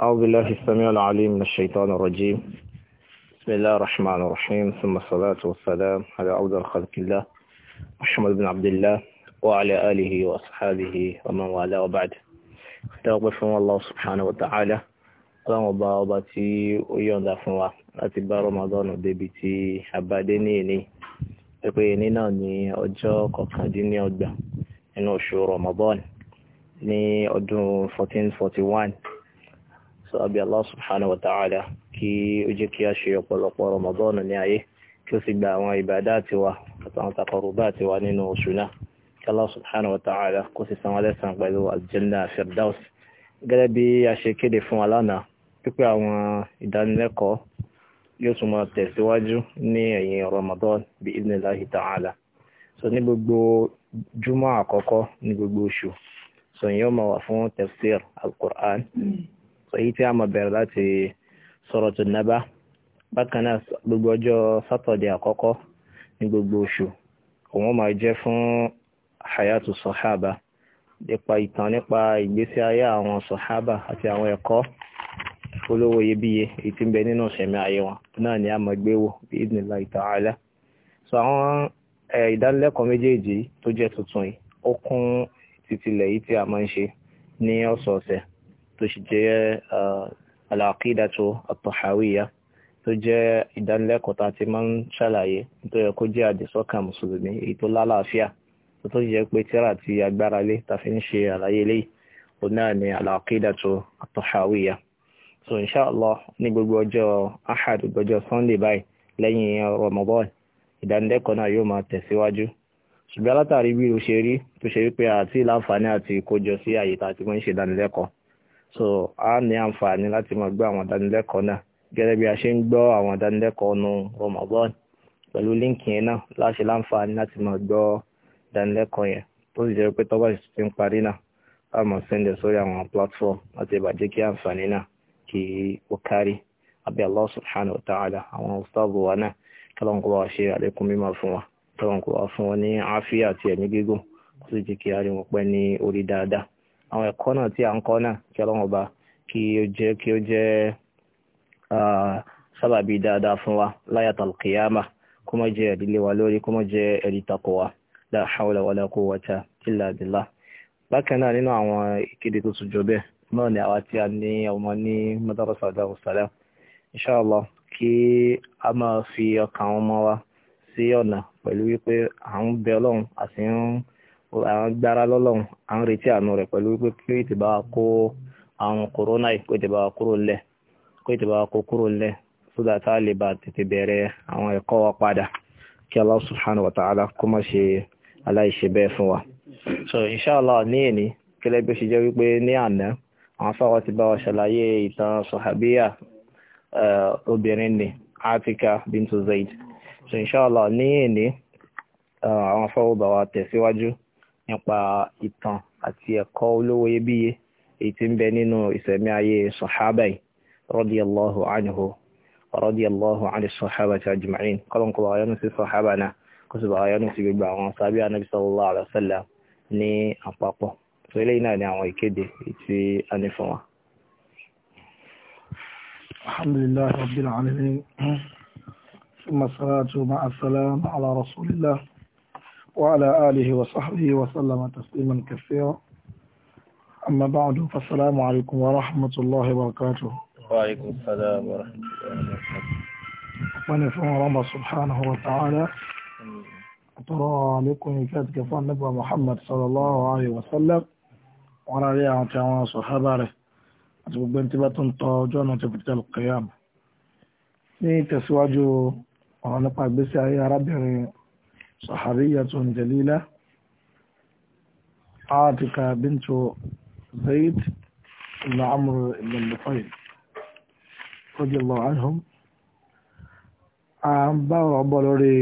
أعوذ بالله السميع العليم من الشيطان الرجيم بسم الله الرحمن الرحيم ثم الصلاة والسلام على أفضل خلق الله محمد بن عبد الله وعلى آله وأصحابه ومن والاه وبعد أستغفر الله سبحانه وتعالى ọlọ́run ọba ọba tí ó yọ̀ǹda fún wa láti bá Ramadan débi tí abadé ní ìní pé ìní 1441 so àbí Allah subhanahu wa ta'ala kí ó jẹ́ kí a ṣe ọ̀pọ̀lọpọ̀ Ramadan ní ayé kí ó sì gba àwọn ìbádà tiwa àtàwọn takọrùbá tiwa nínú oṣù náà kí Allah subhanahu wa ta'ala kó sì san wọ́n lẹ́san pẹ̀lú aljanna firdaus gẹ́gẹ́ bí a ṣe kéde fún wa lánàá pípẹ́ àwọn ìdánilẹ́kọ̀ọ́ yóò so ní gbogbo júmọ́ àkọ́kọ́ ní gbogbo oṣù so yóò máa wà fún tafsir al èyí tí a máa bẹ̀rẹ̀ láti Suratun Naba bákan náà gbogbo ọjọ́ sátọ̀dẹ̀ àkọ́kọ́ ní gbogbo oṣù òun máa jẹ́ fún hayatu sọ̀hábà nípa ìtàn nípa ìgbésí ayé àwọn sọ̀hábà àti àwọn ẹ̀kọ́ olówó iyebíye èyí tí ń bẹ nínú ìṣẹ̀mí ayé wọn náà ni a máa gbé wò bí idhnillahi ta'ala so àwọn ìdánilẹ́kọ̀ọ́ méjèèjì tó jẹ́ tuntun yìí ó kún titilẹ̀ yìí tí a máa ń ṣe ní ọ̀sọ̀ọ̀sẹ̀ tó sì jẹ́ al-aqidatu at-tahawiyya tó jẹ́ ìdánilẹ́kọ̀ọ́ tá a ti máa ń ṣàlàyé tó yẹ kó jẹ́ àdìsọ́kàn mùsùlùmí èyí tó lálàáfíà tó tó jẹ́ pé tíra àti agbára lé ta fi ń ṣe àlàyé eléyìí òun náà ni al-aqidatu at-tahawiyya so inshallah ní gbogbo ọjọ́ ahad gbọjọ́ sunday báyìí lẹ́yìn ramadan ìdánilẹ́kọ̀ọ́ náà yóò máa tẹ̀síwájú ṣùgbọ́n látàrí bí o ṣe rí tó ṣe wípé àti láǹfààní àti ìkójọ sí àyè tá a ti máa ń ṣe ìdánilẹ́kọ̀ọ́ so a ní àǹfààní láti máa gbọ́ àwọn ìdánilẹ́kọ̀ọ́ náà gẹ́gẹ́ bí a ṣe ń gbọ́ àwọn ìdánilẹ́kọ̀ọ́ nu Ramadan pẹ̀lú líǹkì yẹn náà láṣẹ láǹfààní láti máa gbọ́ ìdánilẹ́kọ̀ọ́ yẹn tó sì jẹ́ pé tọ́ba ti ń parí platform láti ìbàjẹ́ àwọn ẹ̀kọ́ náà tí a ń kọ́ náà kí ọlọ́run ọba kí ó jẹ́ kí ó jẹ́ sábàbí dáadáa fún wa láyàtọ̀ kìyàmà kó má jẹ́ ẹ̀rí lé wa lórí kó má jẹ́ ẹ̀rí takò wa la hawla wala quwwata illa billah bákan náà nínú àwọn ìkéde tó tún jọ bẹ́ẹ̀ náà ni àwa tí a ní ọmọ ní madarasa adáhùn sálẹ̀ inṣàlá kí a máa fi ọkàn àwọn ọmọ wa sí ọ̀nà pẹ̀lú wípé à ń bẹ ọlọ́run àti ń àwọn gbára lọ́lọ́run à ń retí àánú rẹ̀ pẹ̀lú pé kí ètè bá kó àwọn kòrónà yìí kó ètè bá kúrò lẹ̀ kó ètè bá kó kúrò lẹ̀ sódà tá a lè bá tètè bẹ̀rẹ̀ àwọn ẹ̀kọ́ wa padà kí Allah subhanahu wa kó má ṣe aláìṣe bẹ́ẹ̀ fún wa. so inshallah ní èní kílẹ̀ bí ó ṣe jẹ́ wípé ní àná àwọn fáwọn ti bá wa ṣàlàyé ìtàn sọ̀hábíyà obìnrin ni Atika bintu Zaid so inshallah ní èní àwọn fáwọn bá wa tẹ̀síwájú nípa ìtàn àti ẹ̀kọ́ olówó iyebíye èyí tí ń bẹ nínú ìsẹ̀mí ayé sọ̀hábà yìí radiyallahu anhu radiyallahu anhu sọ̀hábà ti ajma'in kọ́lọ́nkọ́ bá yánu sí sọ̀hábà náà kó sì bá yánu sí gbogbo àwọn sábì anábì sallallahu alaihi wasallam ní àpapọ̀ tó eléyìí náà ni àwọn ìkéde tí a ní fún wa. alhamdulillah rabbil alamin ثم الصلاة مع السلام على رسول الله وعلى آله وصحبه وسلم تسليما كثيرا أما بعد فالسلام عليكم ورحمة الله وبركاته وعليكم السلام ورحمة الله وبركاته ونفع رب سبحانه وتعالى أترى عليكم يكاد كفان نبوة محمد صلى الله عليه وسلم وعلى عليه وعلى صحابه أتبقى بانتباة طاجون وتفتت القيامة ni tẹ̀síwájú ọ̀rọ̀ nípa ìgbésí ayé ربي صحابية جليلة عاتكة بنت زيد بن عمرو بن لطيف رضي الله عنهم à ń bá ọ̀rọ̀ bọ̀ lórí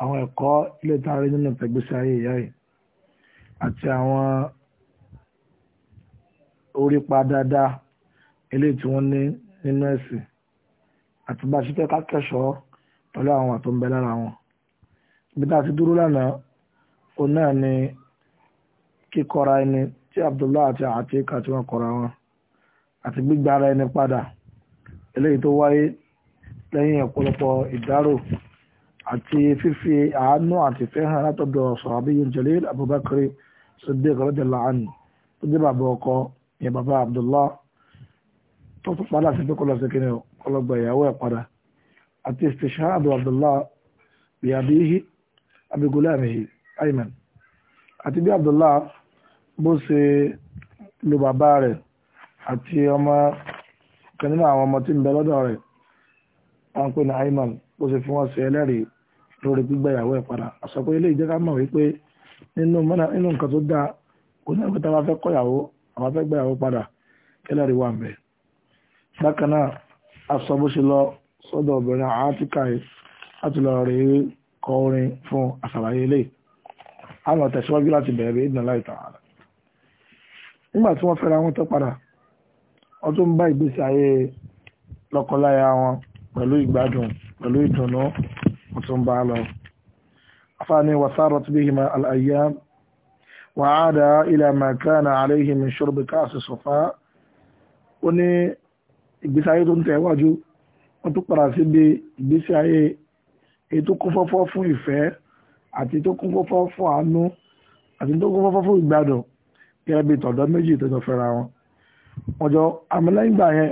àwọn ẹ̀kọ́ ilé tààrí nínú ìtẹ̀gbésí ayé ìyá yìí àti àwọn orípa dáadáa ilé tí wọ́n ní nínú ẹ̀sìn àti bá ṣíkẹ́ kákẹ́ṣọ́ pẹ̀lú àwọn àtúnbẹ lára wọn ibi tá a ti dúró lánàá òun náà ni kíkọra ẹni tí abdullahi àti àtìkà tí wọ́n kọra wọn àti gbígba ara ẹni padà eléyìí tó wáyé lẹ́yìn ọ̀pọ̀lọpọ̀ ìdárò àti fífi àánú àti fẹ́hàn látọ̀dọ̀ sọ̀rọ̀bíyìn jalil abubakar siddiq radiyallahu anhu tó dé bàbá ọkọ ní bàbá abdullah tó tún padà sí pé kọlọ sẹkẹrẹ ọlọgbà ìyàwó ẹ padà àti istishhadu abdullah biyabihi abigulamihi ayman àti bí abdullah bó ṣe lo bàbá rẹ̀ àti ọmọ kan nínú àwọn ọmọ tí ń bẹ lọ́dọ̀ rẹ̀ wọn pè ní ayman bó ṣe fi wọn ṣe ẹlẹ́rìí lórí gbígbà ìyàwó ẹ̀ padà àṣọ pé ilé ìjẹ́ ká mọ̀ wípé nínú nǹkan tó dáa kò ní ẹgbẹ́ tá a bá fẹ́ kọ́ ìyàwó àwọn fẹ́ gbà ìyàwó padà kẹlẹ́rìí wà ń bákan náà aṣọ bó ṣe lọ sọ́dọ̀ obìnrin àátíkà yìí láti lọ rèé kọ orin fún àṣàlàyé ilé a lọ tẹ̀síwájú láti bẹ̀rẹ̀ ìdùnnà láì tààrà nígbà tí wọ́n fẹ́ra wọn tó padà wọ́n tó ń bá ìgbésí ayé lọ́kọláya wọn pẹ̀lú ìgbádùn pẹ̀lú ìdùnnú wọ́n tó ń bá lọ afáàní wasáàrọ̀ tí bíi àlàyé وعاد إلى ما كان عليه من شرب كأس الصفاء ó ní ìgbésí ayé tó ń tẹ̀wájú wọ́n tó padà síbi ìgbésí ayé èyí tó kún fọ́fọ́ fún ìfẹ́ àti tó kún fọ́fọ́ fún àánú àti tó kún fọ́fọ́ fún ìgbádùn gẹ́gẹ́ bí tọ̀dọ̀ méjì tó jọ fẹ́ra wọn. wọ́n jọ àmì lẹ́yìn ìgbà yẹn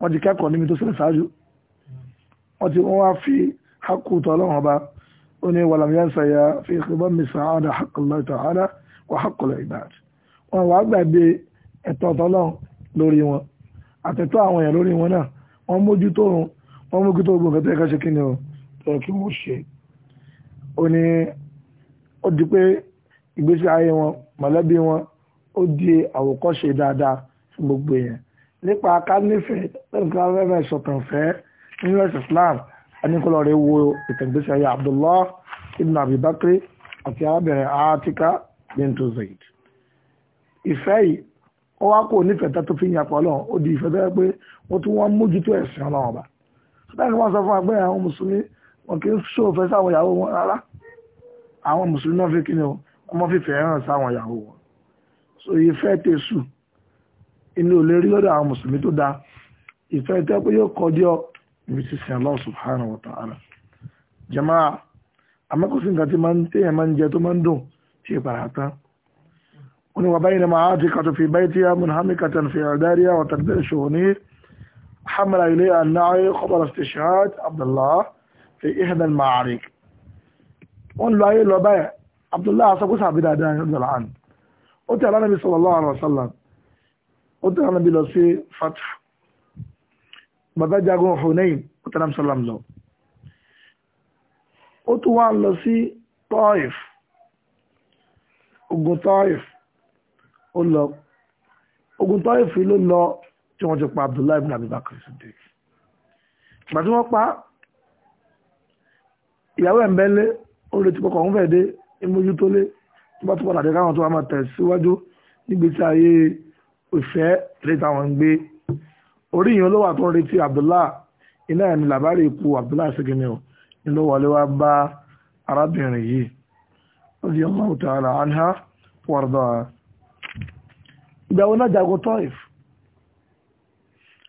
wọ́n ti kẹ́kọ̀ọ́ níbi tó ṣẹlẹ̀ ṣáájú wọ́n ti wọ́n wá fi hákù tọ́ ọlọ́run ọba ó ní wàlàmíyànsá ya fi ìpínlẹ̀ mísà àdá hákùlọ́ ta'ala wà hákùlọ́ ìbàdí wọn wàá gbàgbé wọ́n mójútó gbogbo nǹkan tó ṣe kí ni o tẹ̀ kí wọ́n ṣe ó ní ó di pé ìgbésí ayé wọn mọ̀lẹ́bí wọn ó di àwòkọ́ṣe dáadáa fún gbogbo èèyàn nípa ká nífẹ̀ẹ́ fẹ́fẹ́ sọ̀tàn fẹ́ nínú ẹ̀sìn Islam aníkọlọ rẹ̀ wo ìtẹ̀gbésí ayé Abdullah ibn Abi Bakri àti arábìnrin Atika bintu Zaid ìfẹ́ yìí ó wá kó nífẹ̀ẹ́ tá tó fi ń yapa ọlọ́run ó di ìfẹ́ tó yẹ pé wọ́n tún wọ́n mójútó ẹ̀sìn ọlọ́run ọba sọ́tàn ni wọ́n sọ fún wa pé àwọn mùsùlùmí wọn kì í ṣòfẹ́ sáwọn ìyàwó wọn rárá àwọn mùsùlùmí náà fi kí ni ọmọ fífẹ́ hàn sáwọn ìyàwó wọn so ìfẹ́ tẹ̀sù inú ò lè rí lọ́dọ̀ àwọn mùsùlùmí tó dáa ìfẹ́ tẹ́ pé yóò kọjú ibi tí sin Allah subhanahu wa ta'ala jama'a amákòsí nǹkan tí máa ń téèyàn máa ń jẹ tó máa ń dùn ṣe ìpàrà tán ó ní wà báyìí ni màá ti kàtó fi báyìí tí a mú hàmì kàtó fi àdárí àwọn tàbí ṣòwò ní hamra ilé àná ayé kọbàrà steshad abdullah fi ihda al-ma'arik wọ́n lọ ayé lọ báyẹ̀ abdullahi asakusa abi dáadáa ní ọdún àná ó tẹ̀lé anábi sallallahu alaihi wasallam ó tẹ̀lé anábi lọ sí fatah bàbá jagun hunayn ó tẹ̀lé anábi sallam lọ ó tún wá lọ sí Taif ogun Taif ó lọ ogun Taif ló lọ tí wọ́n ti pa abdullahi ibn abubakar siddiq gbàtí wọ́n pa ìyàwó ẹ̀ ń bẹ́lé orí ti kọkọ̀ ń fẹ̀ dé ìmójú tó lé tó bá tó padà dé káwọn tó wá máa tẹ̀síwájú nígbésí ayé òṣẹ́ ilé táwọn ń gbé orí yìí ló wà retí Abdullah iná ẹ̀ ní làbárè ikú Abdullah ṣèkínní o ni ló wọlé wá bá arábìnrin yìí radiyallahu ta'ala anha wàrúdọ̀ ìgbàwọ́ náà jago Taif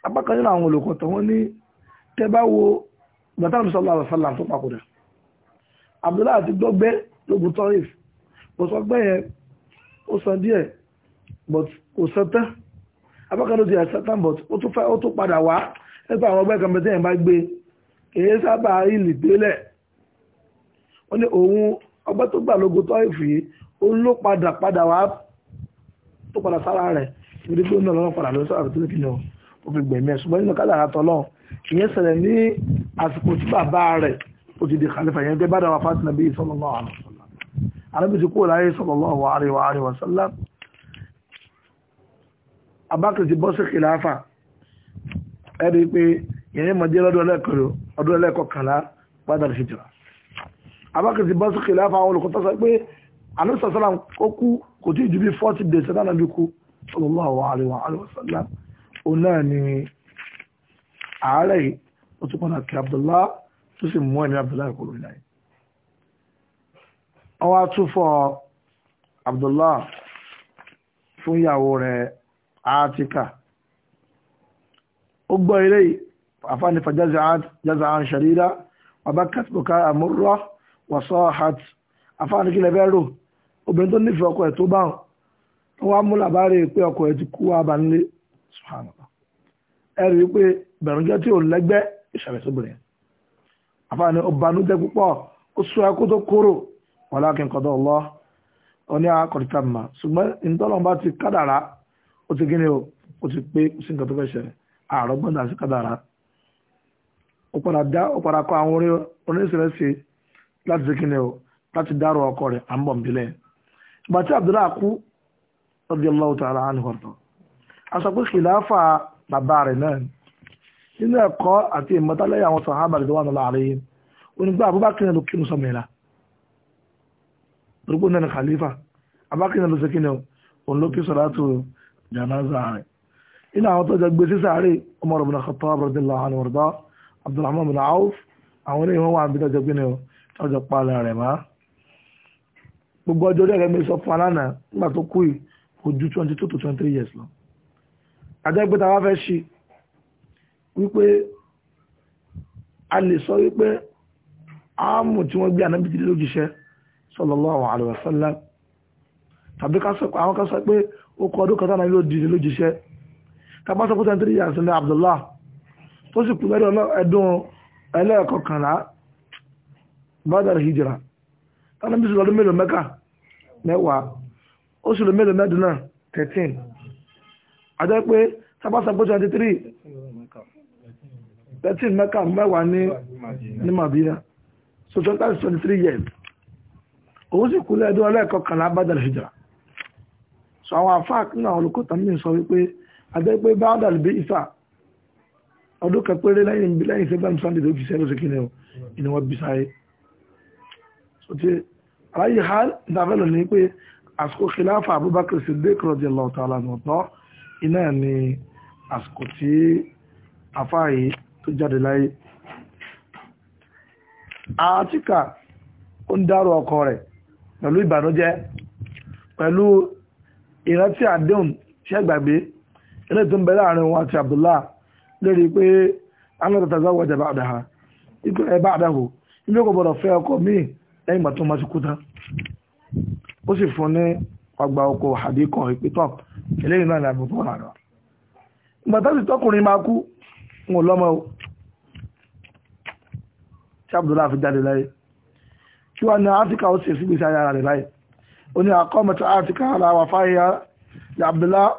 apá kan nínú àwọn olùkọ́tọ̀ wọn ní tẹ́ bá wo gbàtà sallallahu alaihi wasallam tó papòdà abdullahi àti dọ́gbẹ́ lógun tọ́rif bó sọ gbẹ́ yẹn ó san díẹ̀ but kò san tán abákanó ti san tán but ó tún fẹ́ ó tún padà wá nípa àwọn ọgbẹ́ kan bẹ́ẹ̀ tẹ́yìn bá gbé kìí sábà ìlì délẹ̀ ó ní òun ọgbẹ́ tó gbà lógun tọ́rif yìí ó ló padà padà wá tó padà sára rẹ̀ ìdí tó ń náà lọ́nà padà lọ sọ́ra tó ní kí ni ó fi gbẹ̀mí ẹ̀ ṣùgbọ́n nínú kádàrá tọ́lọ́ ìyẹn ṣẹlẹ̀ ní àsìkò tí bàbá rẹ̀ ó ti di khalifa yẹn tẹ́ bá dáwà fásitì nàbí sallallahu alaihi wasallam arábì ti kúrò láyé sallallahu alaihi wasallam abákìrì ti bọ́ sí khilafa ẹ̀rí pé yẹn mọ̀ jẹ́ lọ́dún ẹlẹ́kọ̀ọ́kànlá padà hijra abákìrì ti bọ́ sí khilafa àwọn olùkọ́ tọ́sọ pé àlùsọ̀ sọ́lá ó kú kò tí ju bí 40 days ẹ̀dá nàbí kú sallallahu alaihi wasallam òun náà tó sì mú ẹni abdullahi kúrò nílẹ̀ ọwọ́ abdullahi fún ìyàwó rẹ̀ átíkà ó gbọ́ ilé àfáànífà jaza an sharida ọba katbuka amurra wàsọ́ hat àfáàníkílẹ̀ bẹ́rù obìnrin tó nífẹ̀ẹ́ ọkọ ẹ̀ tó bá wọn mú làbárí pé ọkọ ẹ̀ ti kú ẹ̀rí pé tí ò lẹ́gbẹ́ àfáàní ó banújẹ́ púpọ̀ ó sún ẹkú tó kúrò walakin qada Allah ó ní àkọ̀tà mà ṣùgbọ́n ìtọ́lọ́mbà ti kádàrá ó ti gíní o ó ti pé sí nǹkan tó fẹ́ ṣẹlẹ̀ ààrọ̀ gbọ́dọ̀ sí kádàrá ó padà dá ó padà kọ àwọn oníṣẹ́rẹ́sì láti ṣe kíni o láti dárò ọkọ rẹ̀ à ń bọ̀ nílẹ̀ ìgbà Abdullahi kú radiyallahu ta'ala anhu aṣọ pé kìláfà bàbá rẹ̀ náà nínú ẹ̀kọ́ àti ìmọ̀tálẹ́yà àwọn sàhábà rẹ̀ wà láàrin yìí onígbà abúbákìrì ló kírun sọmọ ìlà torípò náà ní khalifa abákìrì ló sẹkìnì òun ló kí sọ̀rọ̀tù jànáza rẹ̀ inú àwọn tó jẹ gbé sí sáré Umar ibn Khattab radiyallahu anhu warda Abdurrahman ibn Auf àwọn oníhìn wọn wà níbi tọjọ gbé ni ó tọjọ palẹ má gbogbo ọjọ́ orí ẹgbẹ́ sọ fún alánà nígbà tó kú ojú twenty two to twenty three years lọ àjẹgbẹ́ta wá fẹ́ ṣí wípé a lè sọ wípé áàmù tí wọ́n gbé ànábì tí lójíṣẹ́ sallallahu alaihi wasallam tàbí àwọn kan sọ pé ó kọ ọdún kan tánà ló di lójíṣẹ́ tàbá sọ pé three years ní Abdullah tó sì kú lẹ́dọ̀ ẹ̀dùn ẹlẹ́ẹ̀kọkànlá badar hijira tánà bí sọlọ́dún mélòó mẹ́ka mẹ́wàá ó 13 mẹ́kà mẹ́wàá ní ní Madina so 23 years òun sì kú lẹ́ẹ̀dún ọlẹ́ẹ̀kọkànlá bádàlì hijra so àwọn afáà nínú àwọn olùkọ́ta mi sọ wípé adẹ́gbẹ́ bádàlì bí isa ọdún kẹpẹrẹ lẹ́yìn lẹ́yìn sẹ́gbẹ̀m sunday tó fi sẹ́lẹ̀ sí kíni o ìní wọ́n bí sáyé so ti aláyé ha dáfẹ́lẹ̀ ní pé àsìkò kìláfà Abubakar Siddiq radiyallahu ta'ala anhu iná ni àsìkò tí afáà yìí tó jáde láyé àtíkà ó ń dárò ọkọ rẹ̀ pẹ̀lú ìbànújẹ́ pẹ̀lú ìrántí àdéhùn tí ẹgbàgbé ilé tó ń bẹ láàrin wọn àti Abdullah lérí pé alátàtàzáwọ̀dà bá àdáhà ipò ẹbá àdáhù ilé kò gbọdọ̀ fẹ́ ọkọ míì lẹ́yìn ìgbà tó máa ti kú tán ó sì fún ní ọgbà ọkọ̀ àdékọ̀ ìpítọ̀ eléyìí náà ni àbùkù ọ̀nà rẹ̀ ìgbà tó sì tọkùnrin máa kú ń lọ́mọ tí abdullahi fi jáde láyé kí wọ́n ní áfíríkà ó sì sígbèsí ayára rẹ̀ láyé ó ní onye áfíríkà aláwà fáyà ní abdullahi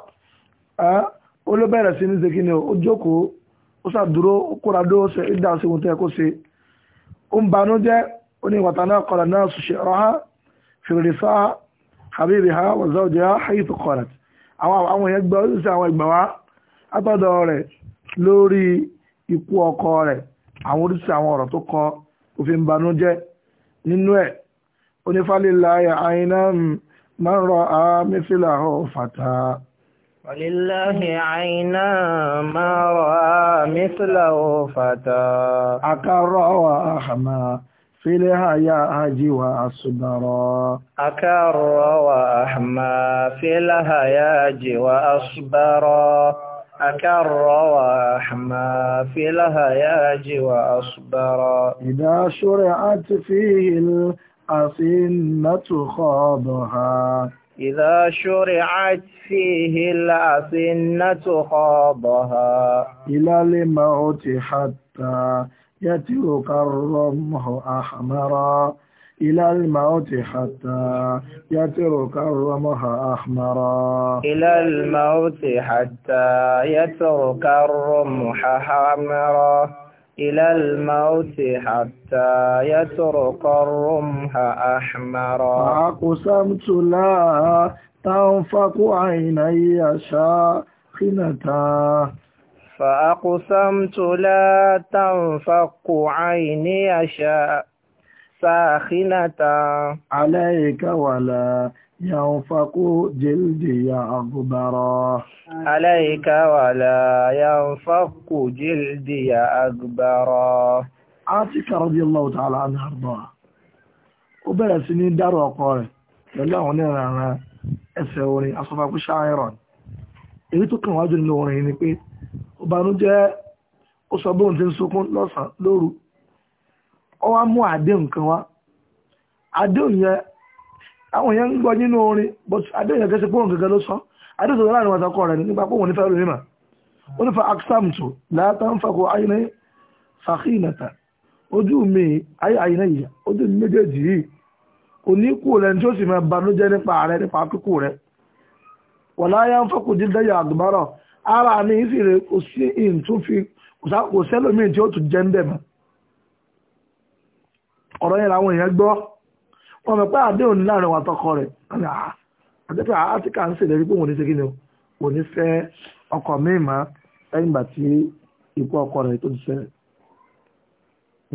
ó ló bẹ̀rẹ̀ sí ní zekini ó jókòó ó sàdúró ó kóra dó ó ṣe ìdá òṣèwọ̀n tó yẹ kó ṣe ó ń banú jẹ́ ó ní wàtà náà náà ṣùṣe habibi ha wàzọ́ òjò hayif kọ̀ọ̀rọ̀ àwọn èèyàn ó sì àwọn rẹ̀ lórí ikú ọkọ rẹ̀ àwọn oríṣi àwọn ọ̀rọ̀ tó kọ òfin banújẹ́ nínú ẹ̀ onífàlélàyà àyínà máa ń rọ àmìfìlà ọ̀fàtà. Wàlíláhì àyínà máa rọ àmìfìlà ọ̀fàtà. Àkàrọ̀ àhàmà fílẹ̀ àyà àjíwà àṣùbàrọ̀. Àkàrọ̀ àhàmà fílẹ̀ àyà àjíwà àṣùbàrọ̀. أكر وأحمى في الهياج وأصبر إذا شرعت فيه الأصنة خاضها إذا شرعت فيه الأصنة خاضها إلى الموت حتى يترك الرمح أحمرا إلى الموت حتى يترك الرمح أحمرا إلى الموت حتى يترك الرمح أحمرا إلى الموت حتى يترك الرمح أحمرا أقسمت لا تنفق عيني شاخنة فأقسمت لا تنفق عيني شاخنة sáàkínàta. aláìka wàlá yàǹfàkó jìlìjìyà àgbàrá. aláìka wàlá yàǹfàkó jìlìjìyà àgbàrá. Atika radiyallahu ta'ala anha ardaha ó bẹ̀rẹ̀ sí ní dárò ọkọ rẹ̀ pẹ̀lú àwọn onírànà ẹsẹ̀ orin asọ́fàkú ṣáírọ̀ èyí tó kàn wájú nínú ọ mụ mú àdéhùn wa wá àdéhùn yẹn àwọn èèyàn ń gbọ́ nínú orin but sọ àdéhùn tó láàrin wàtàkọ rẹ̀ nípa pọ́ùn nífẹ̀ẹ́ lórí mà ó nífa aksamtu láàtà ń fakọ na sàkínàtà ojú mi ayé ayinẹ yìí ojú mi méjèèjì yìí kò tí ó sì máa nípa nípa ara kò sí ọ̀rọ̀ yẹn làwọn èèyàn gbọ́ wọn mọ̀ pé àdéhùn ní láàrin wa tọkọ rẹ̀ ọ̀nà àtẹ́pẹ́ àtìkà ń ṣèlérí pé òun ní ṣe kí ni òun ní fẹ́ ọkọ míì mọ́ lẹ́yìn ìgbà tí ikú ọkọ rẹ̀ tó ti ṣẹlẹ̀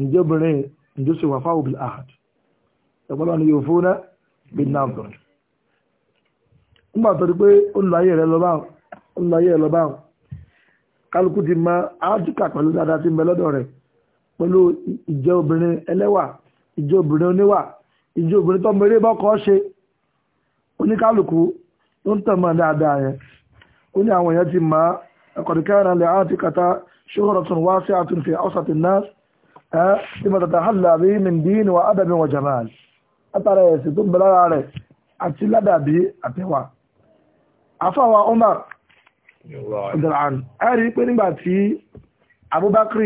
ǹjẹ́ obìnrin ǹjẹ́ ṣe wà fáwọn àhàd ẹ̀gbọ́n ni yóò fún náà bí náà bọ̀rẹ̀ nígbà tó di pé ó lọ ayé rẹ̀ lọ báwọn ó lọ ayé rẹ̀ lọ báwọn kálukú ti mọ àádùkà pẹ̀lú dáadáa ti ń bẹ lọ́dọ̀ rẹ̀ pẹ̀lú ìjẹ́ obìnrin ẹlẹ́wà ìjọ obìnrin oníwà ìjọ obìnrin tọ́mọ eré bọ́kọ́ ṣe oníkálukú ló ń tẹ̀mọ́ dáadáa yẹn ó ní àwọn èèyàn ti mọ̀ ẹ̀kọ̀dùkẹ́rin alẹ́ àti kàtà ṣòro tún wá sí àtúnfẹ́ ọ̀sàtì náà ẹ́ tí mo tàtà hàlà bí mi dín ní wa ádàbí wọn jamaal látara ẹ̀sìn tó ń bẹ lára rẹ̀ àti ládàbí àtẹwà afáwa Umar abdulhan ẹ̀rí pé nígbà tí Abubakar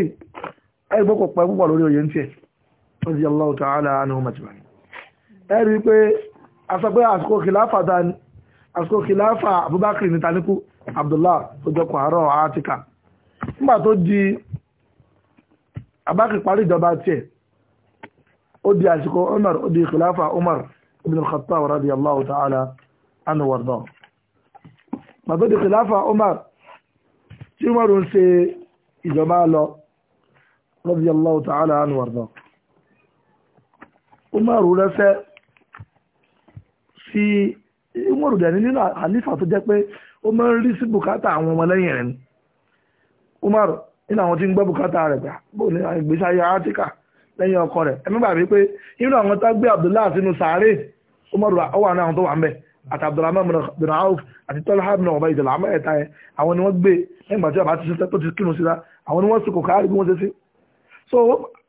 ẹ̀rí pé kò pẹ́ púpọ̀ lórí oyè ń tiẹ̀ radiyallahu ta'ala anhum ajma'in ẹ rí i pé asọ́pẹ́ àsìkò kìláfà dání àsìkò kìláfà Abubakar ní tanikú Abdullah tó jọ pààrọ̀ Atika nígbà tó di Abubakar parí ìjọba tiẹ̀ ó di àsìkò Umar ó di kìláfà Umar ibn al-Khattab radiyallahu ta'ala anhu warda pàtó di kìláfà Umar tí Umar ń ṣe ìjọba lọ radiyallahu ta'ala anhu warda umaru rẹ́fẹ́ sí umaru dẹ̀ nínú àlífà tó jẹ́ pé ó máa ń rí sí bùkátà àwọn ọmọlẹ́yìn rẹ̀ ni umaru nínú àwọn tí ń gbọ́ bùkátà rẹ̀ gbà ah, bó ní ìgbésí ayé átíkà lẹ́yìn ọkọ rẹ̀ ẹ̀mí bàbí pé nínú àwọn tá gbé abdullahi sínú sàárè umaru ó wà ní àwọn tó wà ń bẹ̀ àti abdulrahman bin auf àti tọ́lá bin ọba ni wọ́n gbé nígbà tí ọba ti ṣe tó ti ni wọ́n sùn kò káàrí so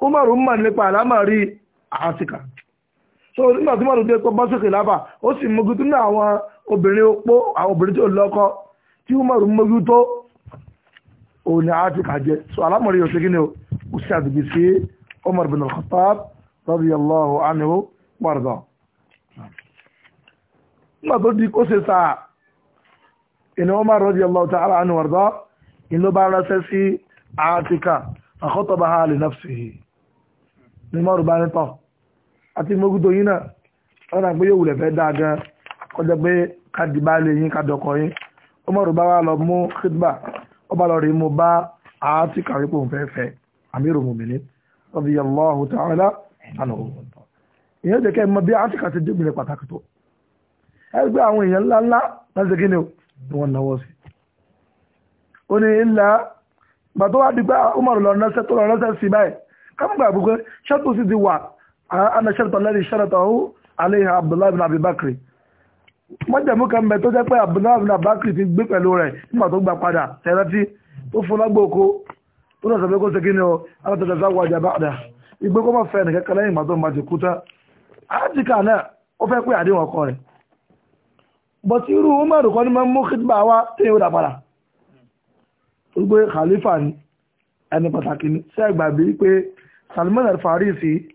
umaru ń mà nípa àásìkà so nígbà tí mọ̀rún dé pé bọ́ sókè lábà ó sì mú gidi ní àwọn obìnrin opó àwọn obìnrin tí ò lọ́kọ tí mọ̀rún mójú tó òun ni àásìkà jẹ so alámọ̀rí yóò ṣe kí ni o ó sì àdìgbì sí Umar bin al-Khattab radiyallahu anhu wàrúdọ̀ nígbà tó di kó ṣe sáà ìní Umar radiyallahu ta'ala anhu wàrúdọ̀ ìlú bá ránṣẹ́ sí àásìkà àkọ́tọ̀ bá hàlì náfsìhì ní mọ̀rún bá ní tán àti mọ́gútó yín náà wọ́n náà pé yóò wulẹ̀ fẹ́ dáa gan kọjá pé ká di baálé yín ká dọkọ yín ó mọ̀rọ̀ bá wa lọ mú khidba ó bá lọ rí mu bá àátì kàwé pò ń fẹ́ fẹ́ amiru mumini radiyallahu ta'ala anhu ìyẹn jẹ́ kẹ́ ẹ mọ bí àátì kàtí débìnrin pàtàkì tó ẹ gbé àwọn èèyàn ńláńlá láti kí ni wọ́n náwó sí ó ní ilà gbàtọ́ wá dìgbà ó mọ̀rọ̀ lọ ránṣẹ́ tó lọ ránṣẹ́ sí báyìí ká ana ṣẹ́rìtọ̀ lẹ́rìí ṣẹ́rìtọ̀ ọ̀hún aléhà abdullahi bin abibakri mọ́jẹ̀mú kan bẹ̀ tó jẹ́ pé abdullahi bin abibakri ti gbé pẹ̀lú rẹ̀ nígbà tó gbà padà tẹ̀rẹ́tí tó fún lágbóko tó lọ sọ̀rọ̀ kó ṣe kí ni ọ alátọ̀tẹ̀ sáwọ́ ọjà bá dà igbó kó má fẹ́ ẹnì salman al-farisi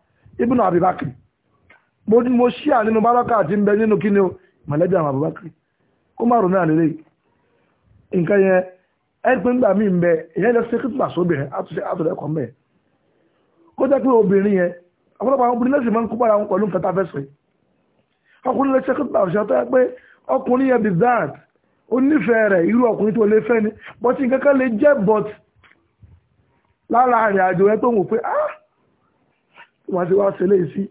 ibùnà àbíbákì mo ní mo ṣíà nínú bárọ́kà àti ń bẹ nínú kí ni o mọ̀lẹ́bí àwọn àbíbákì ó má ronú àlélẹ́ nǹkan yẹn ẹ pé ńgbà mí ń bẹ ìyẹn lọ sí kíkùbà sóbìnrin àtúnṣe àtúnṣe mẹ́ kó jẹ́ pé obìnrin yẹn ọ̀pọ̀lọpọ̀ àwọn obìnrin lẹ́sìn máa ń kó bára wọn pẹ̀lú nǹkan tá a fẹ́ sọ yìí ọkùnrin lẹ́sìn lára àrìn àjò rẹ tó ń wò pé ah wọ́n ti wá sílé sí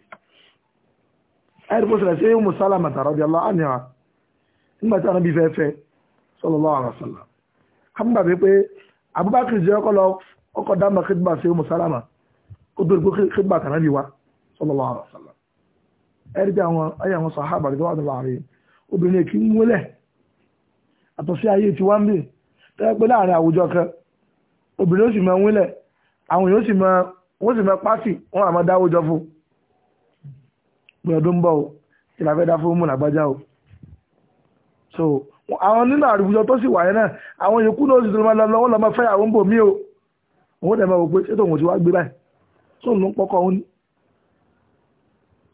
ẹ̀rìkọ́sílẹ̀ sí Ummu Salama radiyallahu anha nígbà tí Ànábì fẹ́ fẹ́ sallallahu alaihi wasallam hàmúgbà pé Abubakar jẹ́ ọkọ̀ lọ ọkọ̀ dámà kígbà sí Ummu Salama ó dórí pé kígbà kan náà bí wá sallallahu alaihi wasallam ẹ̀rí bí àwọn ayé àwọn sàhábà rẹ̀ wà láàrin obìnrin kì í múlẹ̀ àtọ̀sí ayé ti wá ń bè tẹ́lẹ̀ pé láàrin àwùjọ kan obìnrin ó sì máa wọ́n sì mọ pásì wọ́n àmọ́ dáwó jọ fún bí ọdún bọ̀ o tí la fẹ́ dá fún múnà gbájá o so àwọn nínú àrùjọ tó sì wà yẹn náà àwọn yòókù náà sì tó máa lọ wọ́n lọ máa fẹ́ àwọn ń bò mí o òun dẹ̀ máa wò pé ṣètò òun ti wá gbé báyìí tó ló ń pọkọ òun ni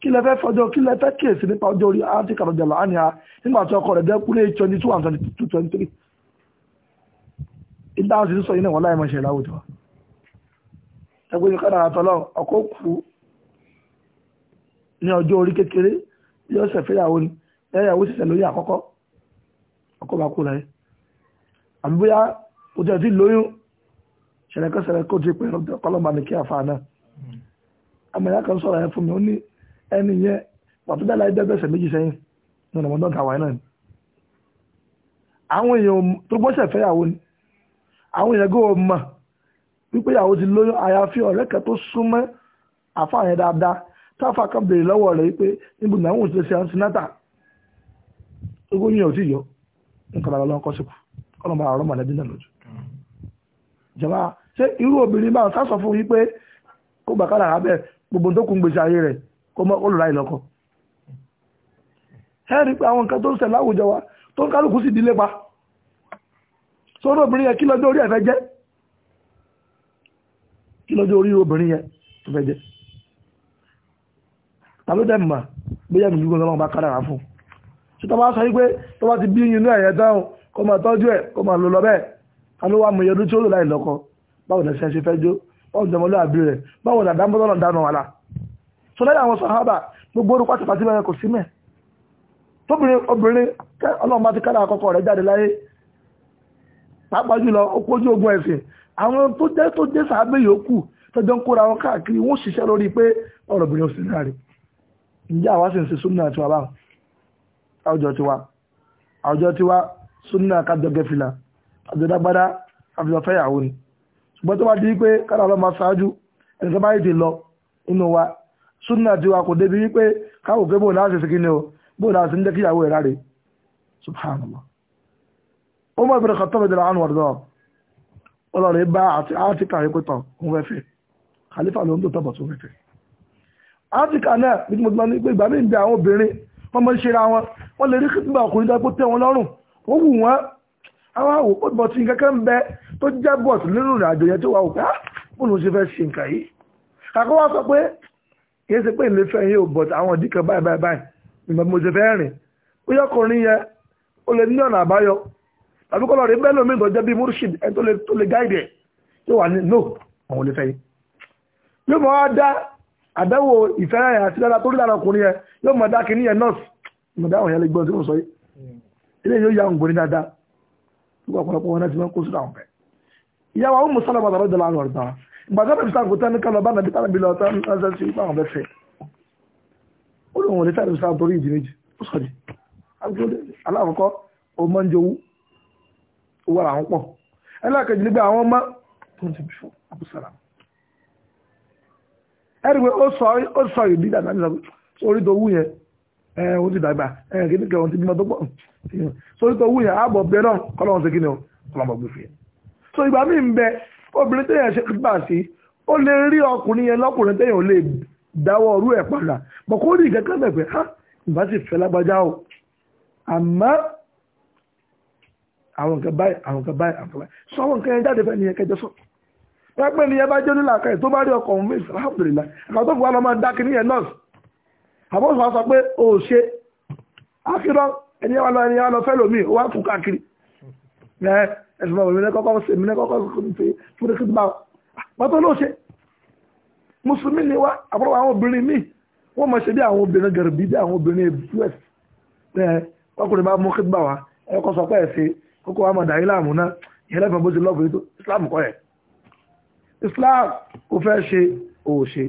kí lẹ fẹ́ fọjọ́ kí lẹ fẹ́ kíyèsí nípa ọjọ́ orí àti kàrọ̀jà lọ àní a nígbà tí ọkọ rẹ̀ jẹ́ kúlé twenty two and twenty two twenty three ìdáhùn sì sọ yìí náà wọ́n láì mọ̀ ṣe láwùjọ wa ẹgbẹ́ ní kádàrà tọ́lọ́ ọkọ kú ní ọjọ́ orí kékeré yóò ṣẹ̀fẹ́ ìyàwó ni ẹ̀yàwó ṣẹ̀ṣẹ̀ lóyún àkọ́kọ́ ọkọ bá kú láyé àbí bóyá o jẹ́ ti lóyún ṣẹlẹ̀ kan ṣẹlẹ̀ kó ti pè kọ́lọ́mbà ní kí àfa náà àmọ̀yá kan sọ̀rọ̀ yẹn fún mi ó ní ẹni yẹn pàtó dá láyé dẹ́gbẹ̀sẹ̀ méjì sẹ́yìn ní ọ̀nà mọ́tò àwáyé wípé ìyàwó ti lóyún àyàfi ọ̀rẹ́ kan tó súnmọ́ àfa yẹn dáadáa táfà kan béèrè lọ́wọ́ rẹ̀ wípé níbo náà wọ́n ti ṣe antinata ogún yìí ò tí yọ nǹkan lára lọ́nkọ́ síkù ọlọ́mọ àrọ́ mọ̀lẹ́bí náà lójú. jọba ṣé irú obìnrin báwọn sá sọ fún yín pé kó gbà kádà rábẹ́ gbogbo tó kún gbèsè ayé rẹ̀ kó mọ́ olùrà ìlọ́kọ̀. ẹ rí i pé àwọn nǹkan tó ń ṣẹlẹ̀ láwùjọ wa tó ń kálukú sì dílé pa sọ́dọ̀ obìnrin yẹn kí lọ́jọ́ orí ẹ̀ jẹ́ lọ́jọ́ orí obìnrin yẹn tó fẹ́ jẹ́ tàbí tẹ́ mọ̀ bí mi gbígbọ́n bá fún ṣe tó sọ wípé tó ti bí inú ẹ̀yẹ dáhùn kó máa tọ́jú ẹ̀ kó máa lọ bẹ́ẹ̀ aló wà mọ̀ tí ó lò báwo ni ṣe fẹ́ jó báwo ni rẹ̀ báwo ni àdámọ́ tọ́lọ̀ dáná wàlà lẹ́yìn àwọn gbogbo orúkọ àti pàápàá jùlọ okójú ogun ẹ̀sìn àwọn tó jẹ́ tó jẹ́ sàábé yòókù tọ́jọ́ ń kóra wọn káàkiri wọ́n ṣiṣẹ́ lórí pé ọ̀rọ̀ ò sí náà rẹ̀ ǹjẹ́ àwa sì ń ṣe báwọn àwùjọ tiwa àwùjọ tiwa kájọ àjọ dágbádá àfihàn fẹ́yàwó ni ṣùgbọ́n tó bá di lọ inú wa súnmọ́ tiwa kò débi wípé káwọ̀ pé bóun láti ṣe kí ni o bóun láti ń jẹ́ kíyàwó ẹ̀ ráre subhanallah Umar bin Khattab radiyallahu anhu wàrúdọ́ ọlọ́rẹ̀ bá àti áfíríkà rẹ̀ pẹ̀tọ̀ ń fẹ́fẹ́ khalifa ló ń tó tọ́bọ̀ tó fẹ́fẹ́ áfíríkà náà bí mo gbọ́n ní pé ìgbà mí ń bẹ àwọn obìnrin wọ́n mọ́ ń ṣe ra wọn wọ́n lè rí kìtìbà ọkùnrin dápò tẹ́ wọn lọ́rùn ó wù wọ́n àwọn àwò ó bọ̀ tí nǹkan kan bẹ tó jẹ́ bọ̀t nínú ìrìn àjò yẹn tó wà òkè ah, bóun ló ṣe fẹ́ ṣe nǹkan yìí kàkọ́ sọ pé kìí ṣe pé ìlé fẹ́ yìí ò bọ̀t àwọn ìdí kan báyìí báyìí báyìí ìmọ̀ mo ṣe fẹ́ rìn ó yọkùnrin yẹn ó lè ní ọ̀nà àbáyọ tàbí kọ́lọ̀ rí bẹ́ẹ̀ lómi tó jẹ́ bí murshid ẹ tó lè tó lè gáìdì ẹ̀ wà ní no àwọn olè fẹ́ yìí yóò mọ̀ á dá àdáwò ìfẹ́ rẹ̀ àti dára tó rí lára ọkùnrin yẹn yóò mọ̀ dá kìíní yẹn nọ́ọ̀sì mọ̀ dá àwọn yẹn lè gbọ́n tí mo sọ yìí ilé yóò ya òǹgbò ní dáadáa nígbà ọ̀pọ̀lọpọ̀ wọn láti máa kó sínú àwọn bẹ́ẹ̀. ìyá wa ọmọ sálábà tàbí ọjọ́ láàrin ọ̀rọ̀ ìgbà tó bẹ̀rẹ̀ sáàkó tán ní kálọ̀ bá nàbí tánàbí lọ tán lọ́sẹ̀ sí ipá àwọn fẹ́ ó lóun ò lè fẹ́ẹ́ lọ torí ìdí méjì ó sọ ni alákọ̀ọ́kọ́ òun máa ń owó ara àwọn pọ̀ ẹlẹ́kẹ̀jì nígbà àwọn ọmọ tó ń ti bìfọ́ àbúsàlà ẹni pé ó sọ ìdí dàgbà ní ìsàkó orí tó wú yẹn ẹ òun ti dàgbà ẹ kìíní kẹ ti bímọ tó pọ̀ sórí tó wú yẹn ààbọ̀ bẹ náà kọ́lọ́wọ́n ṣe kí ni o gbé fi yẹn so ìgbà ń bẹ obìnrin ṣe sí ó lè rí ọkùnrin yẹn lọ́kùnrin ò lè dáwọ́ ọrú ẹ̀ padà ha ìbá sì fẹ́ lágbájá o àmọ́ àwọn nǹkan báyìí àwọn nǹkan báyìí àwọn nǹkan báyìí sọ àwọn nǹkan yẹn jáde fẹ́ nìyẹn kẹjọ sọ wọ́n pẹ́ nìyẹn bá jẹ́ nílà kẹ́ tó bá rí ọkọ̀ òun mẹ́sì alhamdulillah àkàtọ́ tó fún wa lọ máa dákì níyẹn nọ́ọ̀sì àbọ̀sọ̀ wa sọ pé o ò ṣe akírọ́ ẹni wa lọ ẹni wa lọ fẹ́ lómi o wa kú káàkiri ẹ ẹsùn bàbá mi ní kọ́kọ́ mi ní kọ́kọ́ fún kí n bá wọn tó ló ṣe mùsùlùmí ni wa àbúrò àwọn obìnrin míì wọ́n máa ṣe bí àwọn obìnrin gẹ̀rẹ̀ bí bí àwọn obìnrin us ẹ ọkùnrin bá mú kí n bá wa ẹ kọ́ sọ pé ẹ ṣe ó kọ́ wa máa dàrí láàmú náà ìyẹn lẹ́fọ̀ọ́ bó ti lọ́ọ̀bù yìí tó Islam kọ́ ẹ̀ Islam ó fẹ́ ṣe ò ṣe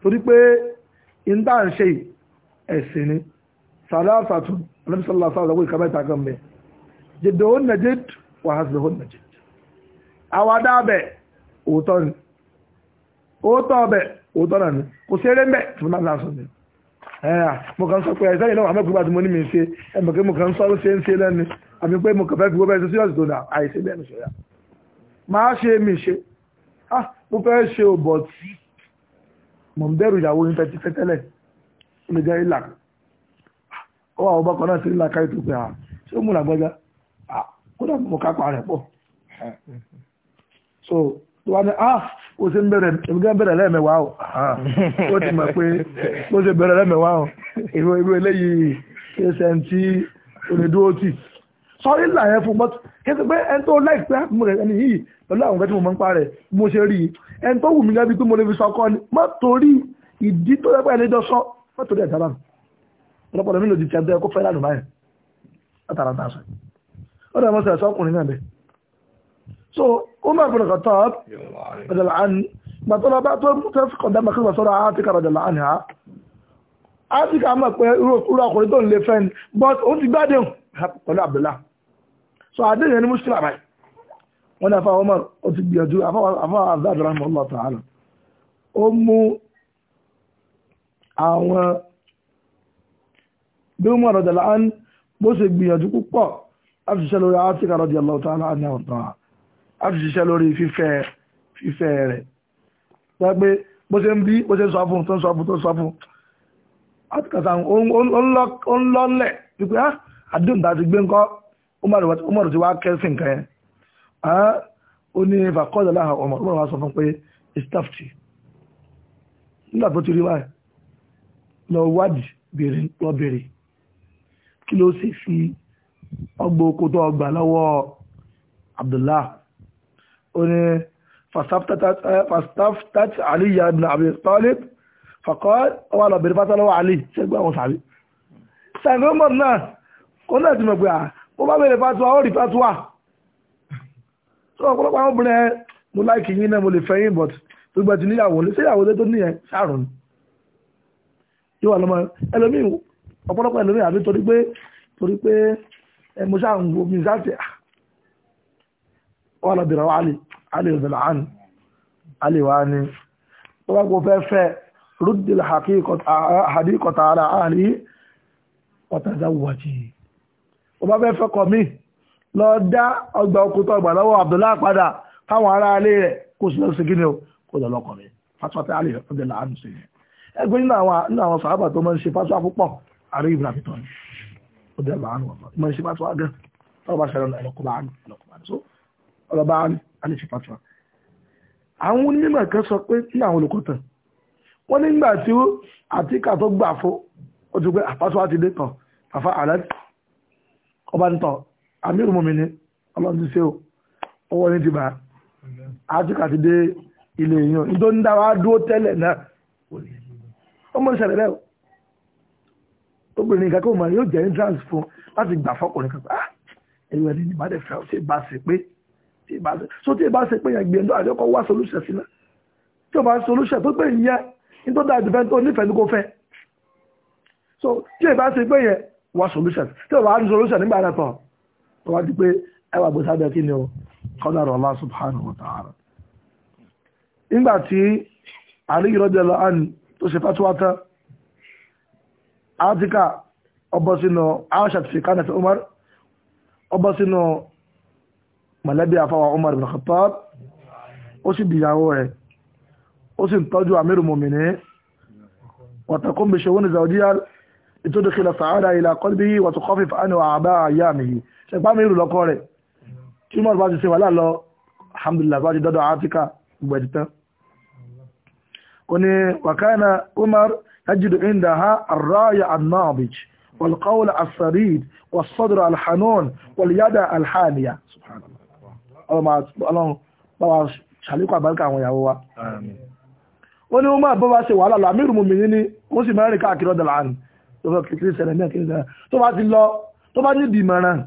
torí pé ìńdá ń ṣe ẹ̀sìn ni sàlásàtún alẹ́bísọ́lá sáwọ́dà wọ́n ìkàbẹ́ ìtàkàn mẹ́ jẹ́dẹ̀ ó nàjẹ́ wà hásìlẹ̀ ó Eh, mo kàn sọ pé ẹ̀sẹ̀ yìí náà àmọ́ ìgbìmọ̀ àti mo ní mi ṣe ẹ̀mọ̀ pé mo kàn sọ ṣe ń ṣe lẹ́nu àmì pé mo kàn fẹ́ fi wọ́pẹ́ ṣe sílẹ̀ tó dà àìsí bẹ́ẹ̀ mi ṣọ̀yà máa ṣe mi ṣe ah, mo fẹ́ ṣe ò bọ̀ tí mo ń bẹ̀rù ìyàwó yín fẹ́ tẹ́lẹ̀ mi jẹ́ ìlà ah, ó wà ọba kan náà sí ìlà káyọ̀ tó pé à ah, ṣé ó múnà gbọ́dá kódà mo kápá rẹ̀ pọ̀ eh. so tó wá ah ó ṣe ń bẹ̀rẹ̀ ẹ̀mí bẹ̀rẹ̀ lẹ́ẹ̀mẹ̀wá o ó ti mọ̀ pé ó ṣe bẹ̀rẹ̀ lẹ́ẹ̀mẹ̀wá o ìró ìró eléyìí ṣe sẹ́ńtì onídúró tì sọ́rí là yẹn fún mọ́tò kéde pé ẹni tó láìpẹ́ mú rẹ̀ ẹni yìí pẹ̀lú àwọn ọ̀gá tí mo máa ń pa rẹ̀ mo ṣe rí i ẹni tó wù mí gẹ́gẹ́ bí pé mo lè fi sọ kọ́ ni mọ́tò rí ìdí tó yẹpẹ́ ẹni jọ sọ mọ́tò rí ẹ̀dá lánàá ọ̀pọ̀lọpọ̀ mi lòdì tí a bẹ́ẹ̀ kó fẹ́ lánàá báyìí látara tá a sọ ọ̀dọ̀ mọ́tò ẹ̀ sọ́kùnrin náà bẹ́ẹ̀ so Umar bin Khattab radiyallahu anhu gbàtọ́lá bá tó mú tẹ́sí kọ̀dá mẹ́kànlá sọ́rọ̀ Àtíkà radiyallahu anha Àtíkà mọ̀ pé irú ọkùnrin tó ń lè fẹ́ ni but ó ti gbádùn pẹ̀lú Abdullah so àdéhùn ni muskila báyìí wọ́n ní afáwọn Umar ó ti gbìyànjú afáwọn azad rahimahullah ta'ala ó mú àwọn bí Umar radiyallahu anhu bó ṣe gbìyànjú púpọ̀ láti ṣẹlẹ̀ Àtíkà radiyallahu ta'ala anha a ti ṣiṣẹ́ lórí fífẹ́ rẹ̀ sọ pé bó ṣe ń bí bó ṣe ń sọ fún tó ń sọ fún tó ń sọ fún àtìkàtà ó ń lọ́lẹ̀ wípé ah, á a ti gbé ńkọ́ ó mọ̀rọ̀ tí wá kẹ́sì nǹkan yẹn ó ní fàkọ́ọ̀dọ̀ láhà ọmọ ọmọ wa sọ fún pé istafti nígbà tó ti rí wáyé lọ wádìí bèrè lọ bèrè kí ló sì fi oko tó ọgbà lọ́wọ́ oní fasitaftat eh, ali ya ibn abi talib fakọ́l ọwọ́ lọ bèrè fásitì lọ́wọ́ ali ṣẹ́gbẹ́ àwọn sàbí. sàgbẹ́ mọ̀ náà ó náà ti mọ̀ pé ó bá bèrè fásitì ó rí fásitì wà. tó ọ̀pọ̀lọpọ̀ àwọn obìnrin ẹ mo láìkì yín náà mo lè fẹ́ yín but gbogbo ẹtì níyàwó lé séyàwó lé tó wọ́n lọ bìrọ̀ alì òzìlàán alì wá ní tó bá kò fẹ́ ara àrí ọ̀tàzáwàjì ó bá fẹ́ fẹ́ kọ lọ dá ọgbà okùtọ̀ ọgbà padà káwọn ará alẹ́ rẹ̀ kó sí lọ́sí gíní kó lọ so ọlọ́ba alẹ́sẹ̀ fàtúwà àwọn onímọ̀ kan sọ pé ní àwọn olùkọ́tàn wọ́n nígbà tí àtíkà tó gbà fún ó ti pé àfàtúwà ah, ti dé tán àfa àlẹ́ ọba ń tàn àmì ìrùmọ̀mí ni ọlọ́run ti ṣe o ọwọ́ ní ti bá àtíkà ti dé ilé èèyàn ìdó ń dára dúró tẹ́lẹ̀ náà ó mọ̀ ìṣẹ̀lẹ̀ rẹ̀ obìnrin kankan mọ̀ yóò jẹ́ entrance fún láti gbà fọkùnrin kankan ah, ẹ̀yọ̀ ẹni ní bá dẹ̀ fẹ́ ó ṣe bá ṣe pé so tí ìbá ṣe pé yẹn gbìyànjú àjọkọ wá solution sí náà tí ò bá solution tó pé ìyẹn ní tó dáa jùfẹ́ tó nífẹ̀ẹ́ ní kò fẹ́ so tí ìbá ṣe pé yẹn wá solution tí ò bá ní solution nígbà rẹ̀ tán tó wá di pé ẹ wà gbèsè abẹ́ kí ni o qadar Allah subhanahu wa ta'ala nígbà tí àríyìn rọ́jẹ́ lọ án tó ṣe fatuwa tán átíkà ọbọ̀ sínú àwọn ṣàtìfikánẹ̀fẹ́ Umar ọbọ̀ mọ̀lẹ́bí afáwà Umar ibn Khattab ó sì dìyàwó ẹ̀ ó sì ń tọ́jú amiru mọ̀mìnì wàtàkùn bí ṣòwò ní zaudiya ìtòdó kìlọ̀ sàárà ilà kọ́lbí wàtú kọ́fì fàánù àbá àyà mi yìí ṣẹ̀pá mi rù lọ́kọ́ rẹ̀ tí Umar bá ti ṣe wà lálọ́ alhamdulillah والقول الصريد والصدر الحنون واليد الحانية سبحان الله ọlọ́run bá wa ṣàlékún àbáríkà àwọn ìyàwó wa ó ní wọ́n máa bọ́ bá ṣe wàhálà lọ amírùmù mi ní ó sì máa ń rìn káàkiri ọ̀dọ̀ láàrin tó bá kiri ṣẹlẹ̀ náà kiri ṣẹlẹ̀ tó bá ti lọ tó bá ní ìmọ̀ràn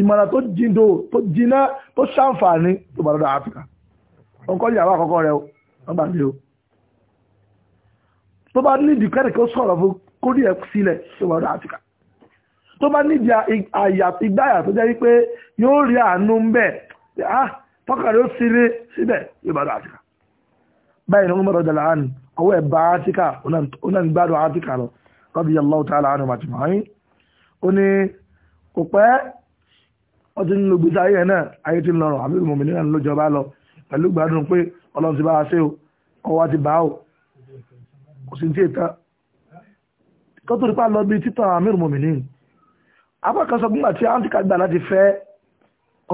ìmọ̀ràn tó jindo tó jiná tó ṣàǹfààní tó bá lọ́dọ̀ áfíríkà ọkọ ìyàwó àkọ́kọ́ rẹ o wọ́n gbà mí o tó ó sọ̀rọ̀ fún kórì ẹ̀ sílẹ̀ tó bá lọ́dọ̀ áfíríkà tó bá ní ìdí tó jẹ́ wípé yóò rí àánú ń bẹ̀ Ah, tọ́kàrí ó sílé síbẹ̀ yóò bá dọ̀ àtìkà báyìí ni wọ́n mọ̀rọ̀ dàlá àánì ọwọ́ ẹ̀ bá الله تعالى gbádùn àtìkà lọ radiyallahu ta'ala anhu àti màáyín ó ní kò pẹ́ ó ti ń lo gbèsè ayé ẹ̀ náà ayé ti ń lọrọ̀ àbí mòmìnì náà ló jọba lọ pẹ̀lú gbádùn pé ọlọ́run ti bá a ṣe o ọwọ́ ti bá o kò sí ní tí ì tó nípa lọ bí títàn amir mòmìnì apá kan sọ gbígbà tí àtìkà gbà láti fẹ́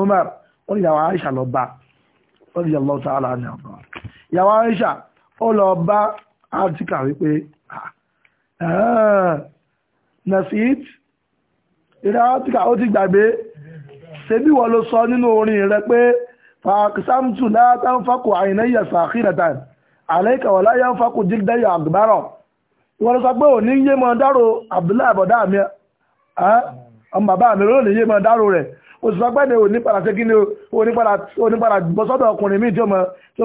Umar ó ní ìyàwó Aisha lọ bá ó ní Allah ta'ala ní ọ̀pọ̀ ìyàwó Aisha ó lọ bá átíkà wípé ah, eh, nasit ìrẹ́ átíkà ó ti gbàgbé ṣebí wọ́n ló sọ nínú orin rẹ pé fàkísàmtù látàn fàkù àìnáyà sàkírẹ̀tàn àlẹ́kẹ̀wọ̀ láyé ń fàkù jígdáyà àgbárọ̀ òṣùpá pẹ́ ni onípadà ṣe kí ni onípadà bọ́ sọ́dọ̀ ọkùnrin míì tí ó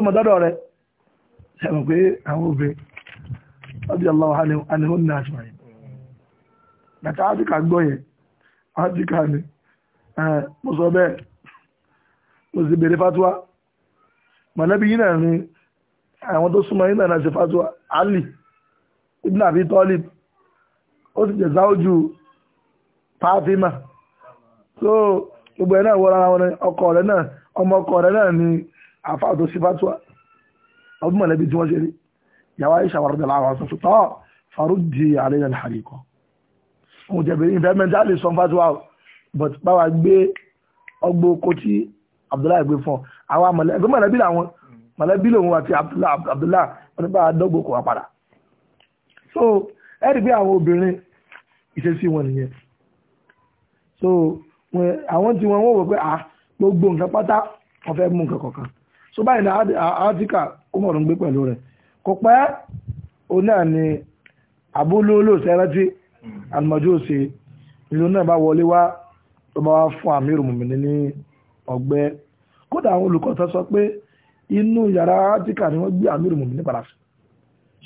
mọ̀ dọ́dọ̀ rẹ̀ ṣẹ̀mọ̀ pé àwọn obìnrin ọdí ọlọ́wọ́ anihun ní na bàtà áfíríkà gbọ́ yẹn áfíríkà ni mo sọ bẹ́ẹ̀ mo sì bèrè fatuwa mọ̀lẹ́bí yìí náà ni àwọn tó súnmọ́ yìí náà ṣe fatuwa Ali ibn Abi Talib ó sì jẹ̀ sáwójú Fatima so gbogbo ẹ̀ náà wọ́n ara wọn ọkọ rẹ̀ náà ọmọ ọkọ rẹ̀ náà ni àfa àtò sí fatuwa ọdún mọ̀lẹ́bí tí wọ́n ṣe rí yàwá Aisha wà rọ̀dẹ̀ láwọn sọ̀tọ̀ tọ́ faru di alẹ́ yẹn hàrí kọ́ òun jẹ̀bi ìfẹ́mẹ́ntì àlè sọ fatuwa but báwa gbé ọgbó kọtí Abdullahi gbé fún ọ àwọn mọ̀lẹ́bí mọ̀lẹ́bí làwọn mọ̀lẹ́bí lòun àti Abdullahi wọn bá a so ẹ̀rí bí àwọn obìnrin ìṣesí wọn so àwọn tí wọ́n wọ́n wò pé ah gbogbo nǹkan pátá wọ́n mú nǹkan kọ̀ọ̀kan so báyìí ní áfíríkà ó mọ̀rún gbé pẹ̀lú rẹ̀ kò pẹ́ o náà ni ìlú náà bá wọlé wá bá wá fún ní ọgbẹ́ kódà àwọn sọ pé inú yàrá áfíríkà ni wọ́n gbé padà sí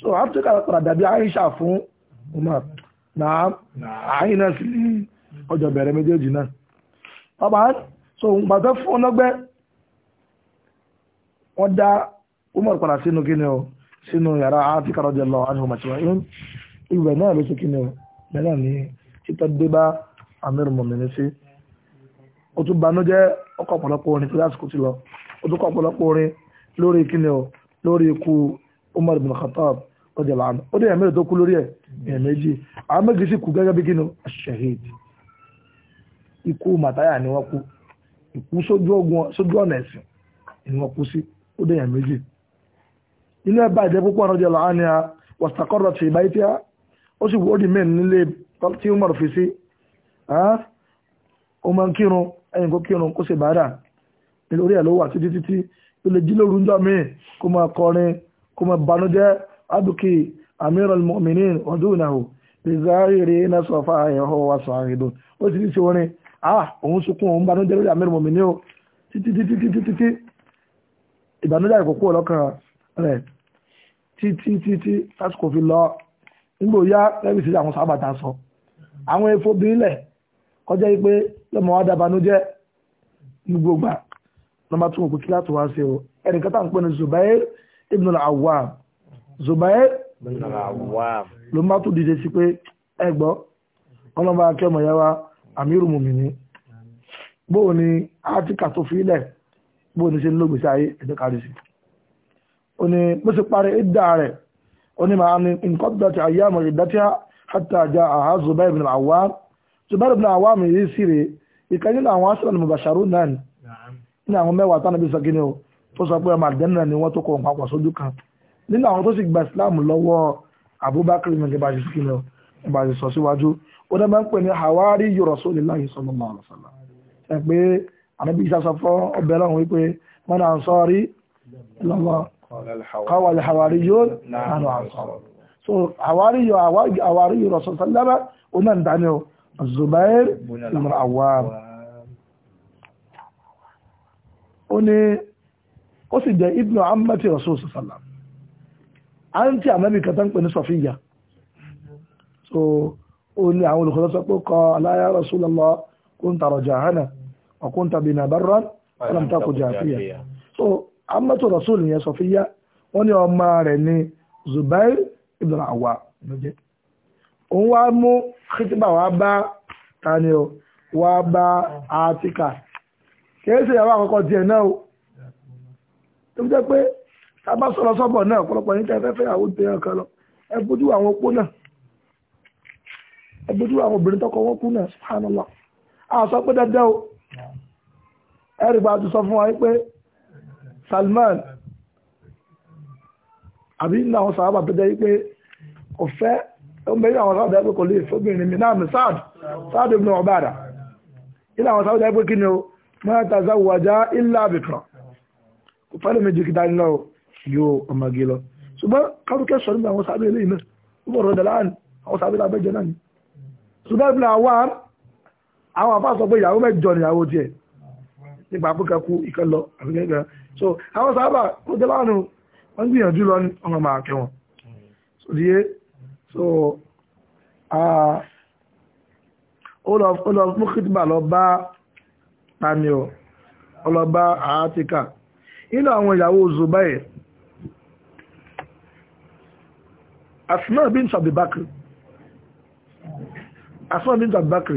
so áfíríkà padà dàbí fún Umar àyìn náà ní ọjọ́ bẹ̀rẹ̀ طبعا so gbàtẹ́ fún ọlọ́gbẹ́ wọ́n dá umar padà sínú kí ni o sínú yàrá áfíkà radiyallahu anhu màtíwáyún ìgbẹ̀ náà ló sí kí ni o bẹ́ẹ̀ ni títọ́ dé bá amir mọ̀mìnì sí ó tún banújẹ́ ọkọ̀ ọ̀pọ̀lọpọ̀ orin tí lásìkò ti lọ ó tún kọ́ ọ̀pọ̀lọpọ̀ orin lórí kí ni o lórí ikú umar bin khattab radiyallahu anhu ó dé ẹ̀mẹ́rin tó kú lórí ẹ̀ ẹ̀mẹ́jì àwọn méjì sì kú gẹ́gẹ́ bí kí ni o ikú màtáyà ni wọ́n kú ikú sójú ọ̀nà ẹ̀sìn ni wọ́n kú sí ó dẹ̀yàn méjì inú ẹ̀bá ìjẹ́ púpọ̀ ọ̀nà jẹ́lọ àní a wàsàkọ́rọ̀ ti ìbáyé tí a ó sì wọ́n di mẹ́ nílé tí ó mọ̀rọ̀ fi sí ó máa ń kírun ẹ̀yìn kó kírun kó sì bàárà lórí ẹ̀ ló wà títí títí ó lè jí lóru ńjọ́ míì kó máa kọrin kó máa banújẹ́ adùkì amiral mu'minin ọdún ìnáwó ìzáàrí rí iná sọfà ẹ̀họ́ wa sọ àrídùn ó sì ti ṣe orin ah òun sunkún òun banújẹ́ lórí àmì ìrùmọ̀mí ní o títí títí títí títí ìbànújẹ́ àìkókó ọlọ́kàn rẹ̀ títí títí lásìkò fi lọ nígbò yá lẹ́bi sí àwọn sábàtà sọ àwọn efo bí nílẹ̀ kọjá yìí pé lọ́mọ wa dábànújẹ́ gbogbo gbà nọmba tún òkú kí láti wá sí o ẹnìkan tá à ń Zubair ibn al-Awwam Zubair ibn al-Awwam ló má dìde sí pé ẹ gbọ́ ọlọ́mọba akẹ́mọ̀ yẹn wá amiru mumini bóò ni átíkà tó fi ilẹ̀ bóò ni ṣe lóògbèsí ayé ẹ̀jẹ̀ kárí sí ó ní bó ṣe parí ìdá rẹ̀ ó ní màá ní nǹkan tó ti ayé àmọ̀ ìdátíà hatta ja àhá Zubair ibn Awwam Zubair ibn Awwam yìí sì rè ìkan nínú àwọn aṣọ mubasharu náà ni nínú àwọn mẹ́wàá tánà bí sọ kí ni o tó sọ pé ọmọ àdẹ́nà ni wọ́n tó kọ nǹkan sójú kan nínú àwọn tó sì gba Islam lọ́wọ́ Abubakar ní ìbáṣe sọ síwájú ó dẹ́ máa ń pè ní hawari Rasulillahi sallallahu alaihi wasallam ẹ pé ànábì ìsàsọ fún ọbẹ̀ lọ́hùn wípé man ansari lọ́wọ́ kọ́wà lè hawari yóò nánú ansari so hawari yóò hawari Rasulillahi sallama ó náà ń dání o Zubair ibn Awwam ó ní ó sì jẹ́ ibnu ammati Rasul sallam àǹtí ànábì kan ń pè ní Sọfíyà so ó ní àwọn olùkọ́ sọ pé kọ aláyà Rasulullah kunta rajahana wa kunta bina barran alam takun jafiya so amatu rasul yẹn Sọfíyà wọ́n ní ọmọ rẹ̀ ní Zubair ibn Awwa lójẹ́ òun wá mú kìtìbà wá bá tani o wá bá Àtíkà kìí ṣe ìyàwó àkọ́kọ́ tiẹ̀ náà o tó jẹ́ pé tá a bá sọ̀rọ̀ sọ́bọ̀ náà ọ̀pọ̀lọpọ̀ yín tẹ́ fẹ́ fẹ́ àwọn obìnrin kan lọ ẹ ẹgbẹ́jú àwọn obìnrin tọ́kọ wọn kú náà subhanallah a sọ pé dandan o ẹ̀rì bá ti sọ fún wa pé Salman àbí nínú àwọn sàábà tó jẹ́ pé ọ̀fẹ́ ọmọbìnrin àwọn sàábà pé kò lè fóbìnrin mi náà mi Saad Saad ibn Ubadah nínú àwọn sàábà pé kí ni o ma tazawwaja illa bikra kò fẹ́lẹ̀ méjì kí dání náà yóò ọmọge lọ ṣùgbọ́n káfíkẹ́ sọ nígbà àwọn sàábà eléyìí náà ó bọ̀rọ̀ dàlá àwọn sàábà lábẹ́jẹ náà ni ṣùgbọ́n ìpínlẹ̀ àwọn àwọn àfáà sọ pé ìyàwó mẹ́jọ nìyàwó tiẹ̀ nípa àpúkẹ́kú ìkan lọ àbíkẹ́kẹ́ so àwọn sábà kó jẹ́ láàánú wọ́n gbìyànjú lọ ní ọmọ máa kẹwọn so díẹ̀ so ó lọ fún kìtìbà lọ bá tani ọ ọlọ́bá àátíkà nínú àwọn ìyàwó Zubair Asma bin Sabibakri asma bint abubakar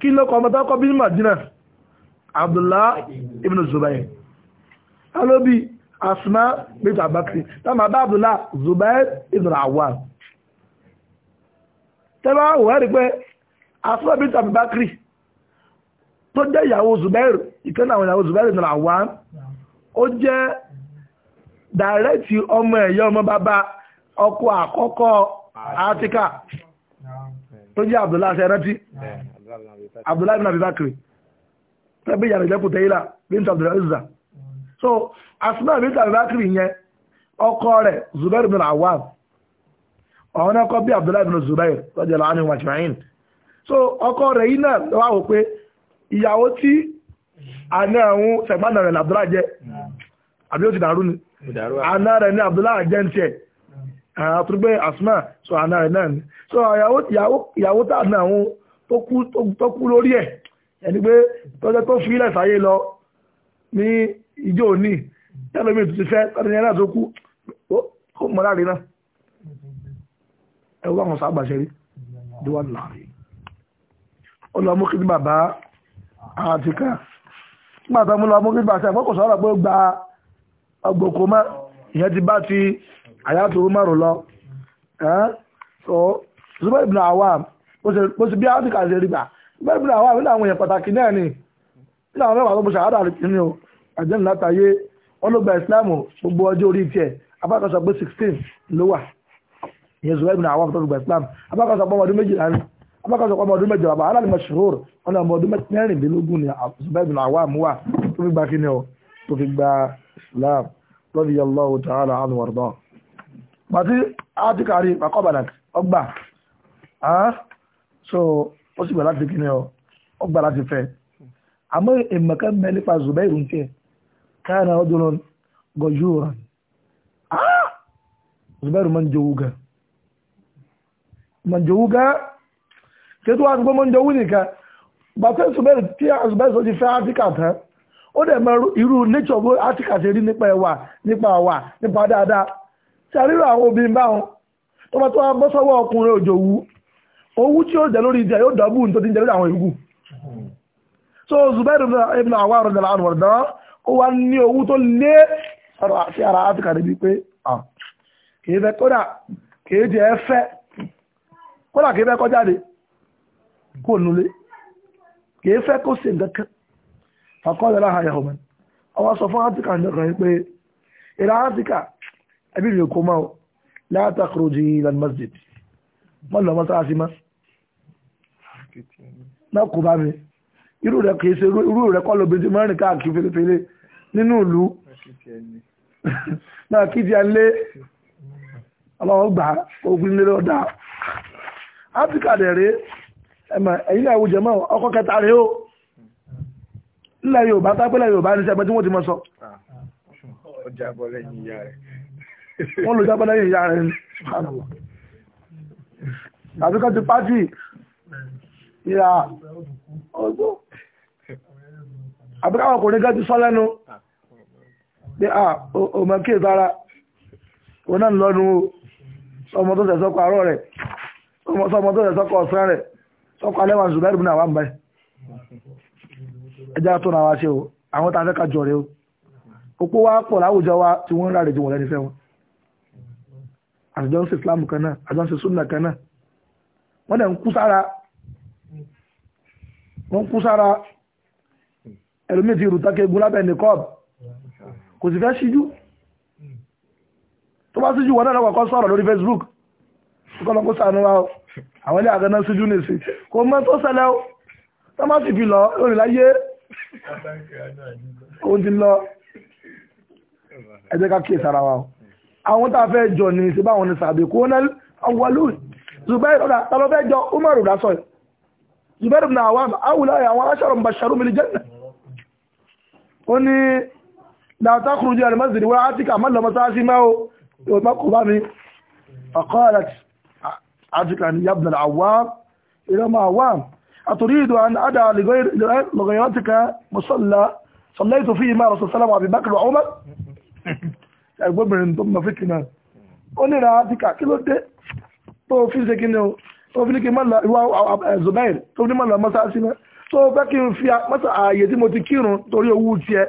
kí ló kọ ọmọ tó bí ní madina abdullah ibn zubair alóbi asma bint abubakar táwọn abá abdullah zubair ibn awwal tẹ́lá wọ́n rí pé asma bint abubakar tó jẹ́ ìyàwó zubair ìkẹ́nà àwọn ìyàwó zubair ibn awwal ó jẹ́ dàrẹ́tì ọmọ ẹ̀yọ́ ọmọ bàbá ọkọ àkọ́kọ́ átíkà tó jẹ́ Abdullahi ṣe rántí Abdullahi bin abibakiri tẹ́gbẹ́ ìyàrá ìjẹ́kù tẹ́yìlá bint Abdullahi Uzza so Asma bint abibakiri yẹn ọkọ rẹ̀ Zubair bin Awam ọ̀hún ẹ̀kọ́ bí Abdullahi bin Zubair lọ́jọ́ láàrin wàjúmáyìn so ọkọ rẹ̀ yìí náà wà wò pé ìyàwó tí àná ẹ̀hún sẹ̀gbọ́n rẹ̀ ní Abdullahi jẹ́ àbí ó ti dàrú ni àná rẹ̀ ní Abdullahi jẹ́ ń tiẹ̀ àtúgbẹ́ ah, asma sọ àna rẹ̀ náà ni sọ ìyàwó tá àna àwọn tó kú lórí ẹ̀ ẹni pé tọ́jọ́ tó fi ilẹ̀ sáyé lọ ní ìjọ òní tẹ́lómi tó ti fẹ́ tọ́jọ́ yẹn náà tó kú ó mọ̀ láre náà ẹ̀rọ àwọn sábà ṣe rí díwọ́n láàrin ọlọ́mú kí ní bàbá àtìkà nígbà tó mú lọ́mú kí ní bàbá àtìkà mọ́kànlá ọ̀rọ̀ pé ó gba ọgbòkó mọ́ ìyẹn ti bá ti àyàtò umaru lọ so Zubair ibn Awam bó ṣe bí áfíríkà ṣe rí gbà Zubair ibn Awam nínú àwọn èèyàn pàtàkì náà ni nínú àwọn mẹ́wàá tó bó ṣàhádà rí nínú àjẹ́nì látàyé wọn ló gba ìsìláàmù gbogbo ọjọ́ orí tiẹ̀ abákan pé sixteen ló wà ìyẹn Zubair ibn Awam tó gba ìsìláàmù abákan sọ pé ọmọ ọdún méjìlá ni abákan sọ pé ọmọ ọdún mẹ́jọ bàbá aláàlú mashhur wọn ọmọ ọdún mẹ́rìndínlógún ni Zubair ibn Awam wà tó fi gba kí ni ọ tó fi gba ìsìláàmù radiyallahu ta'ala anhu warḍah gbàtí átíkàrí pàkọ́bàdà ọgbà so ó sì gbà láti kí ni ọ ọgbà láti fẹ́ àmọ́ ìmọ̀ká mẹ́lípa Zubairu ń ka káyàna ọdún gọjú ụra Zubairu máa ń jowú gan máa ń jowú Zubairu tí Zubairu sọ ti fẹ́ átíkà tán ó dẹ̀ mọ nature of átíkà ṣe rí ṣàríra àwọn obìnrin báwọn tó bá tó wá bọ́ sọ́wọ́ ọkùnrin òjòwú owú tí ó jẹ lórí ìjẹ yóò dọ́bù tó ń jẹ lórí àwọn ìlú so Zubair ibn Awam rẹ̀ dàlá ọrụ ọ̀dọ́ ó wá ní owú tó lé ara Áfíríkà níbi pé kìí fẹ́ kódà jẹ kódà fẹ́ kó nulẹ̀ fẹ́ kó nǹkan kan ọwọ́ sọ fún Áfíríkà ẹbí rẹ̀ kó máa la takhruji ila masjid wọ́n lọ mọ́sáàsì mọ́ náà kò bá mi irú rẹ̀ kìí ṣe irú rẹ̀ kọ́ lóbi tí mo rìn káàkiri fèlèfèlè nínú ìlú náà kí ti ẹ lé ọlọ́wọ́ gbà ogun lé lọ́dà áfíríkà dẹ̀ rèé ẹ̀mà ẹ̀yìn náà ìwòjẹ̀ ọkọ̀ kẹta rèé o nílẹ̀ Yorùbá tápẹ́lẹ̀ Yorùbá ní sẹ́gbẹ́ tí wọ́n ti mọ́ sọ wọ́n lò jábọ́ lẹ́yìn ìyá rẹ̀ ṣùgbọ́n àbíkọ́ ti pàdé ìyá ọgbọ́ àbíkọ́ ọkùnrin gẹ́ ti sọ lẹ́nu pé à ọmọ kí ìbára òun náà lọ́nu ọmọ tó tẹ̀sọ́kọ àárọ̀ rẹ̀ ọmọ tó tẹ̀sọ́kọ ọ̀sán rẹ̀ sọ́kọ alẹ́wà zùbẹ́rù bí náà wà ń báyìí ẹjá tó náà wá ṣe o àwọn a fẹ́ ká o òpó wa pọ̀ láwùjọ wa tí wọ́n ń rà rẹ̀ jù wọ́n àjọ ń ṣe islam kan náà àjọ ń ṣe sunna kan náà wọ́n dẹ̀ ń kú sára wọ́n kú sára ẹlòmíì ti rùtákẹ́ egun lábẹ́ ní kọ́ọ̀bù kò sì fẹ́ síjú tó bá síjú wọn náà lọ́wọ́ kọ́ lórí Facebook kọ́lọ́ kó sànú wa àwọn ilé àgbẹ̀ náà síjú nìsí kò mọ́ tó ṣẹlẹ̀ o tó má sì fi lọ lórí láyé ó ti lọ ẹ jẹ́ ká kíyèsára wa o àwọn tá a fẹ́ jọ ní ṣe báwọn ní sàbí kó náà awolowó zubairu ọ̀dà tàbí fẹ́ jọ umaru dá sọ́yìn zubairu na àwọn awùlá àwọn aṣọ́rọ̀ mbàṣàrù mìlì jẹ́nà ó ní dáta kúrú jẹ́ alimọ́sìdì wọ́n á ti kà mọ́lọ mọ́sáàsì máa ó mọ́kù bá mi ọ̀kọ́ọ̀lá àtìkà ní yabdal awam ìrọmọ awam àtòrídò àdá ẹgbẹ́bìnrin tó mọ̀ fìtì náà ó ní ra átíkà kí ló dé tó fi ṣe kí ni o tó fi ní kí n má lọ ìwà Zubair tó fi ní má lọ mọ́sáàsì náà tó fẹ́ kí n fi mọ́sá ààyè tí mo ti kírun torí owó tiẹ̀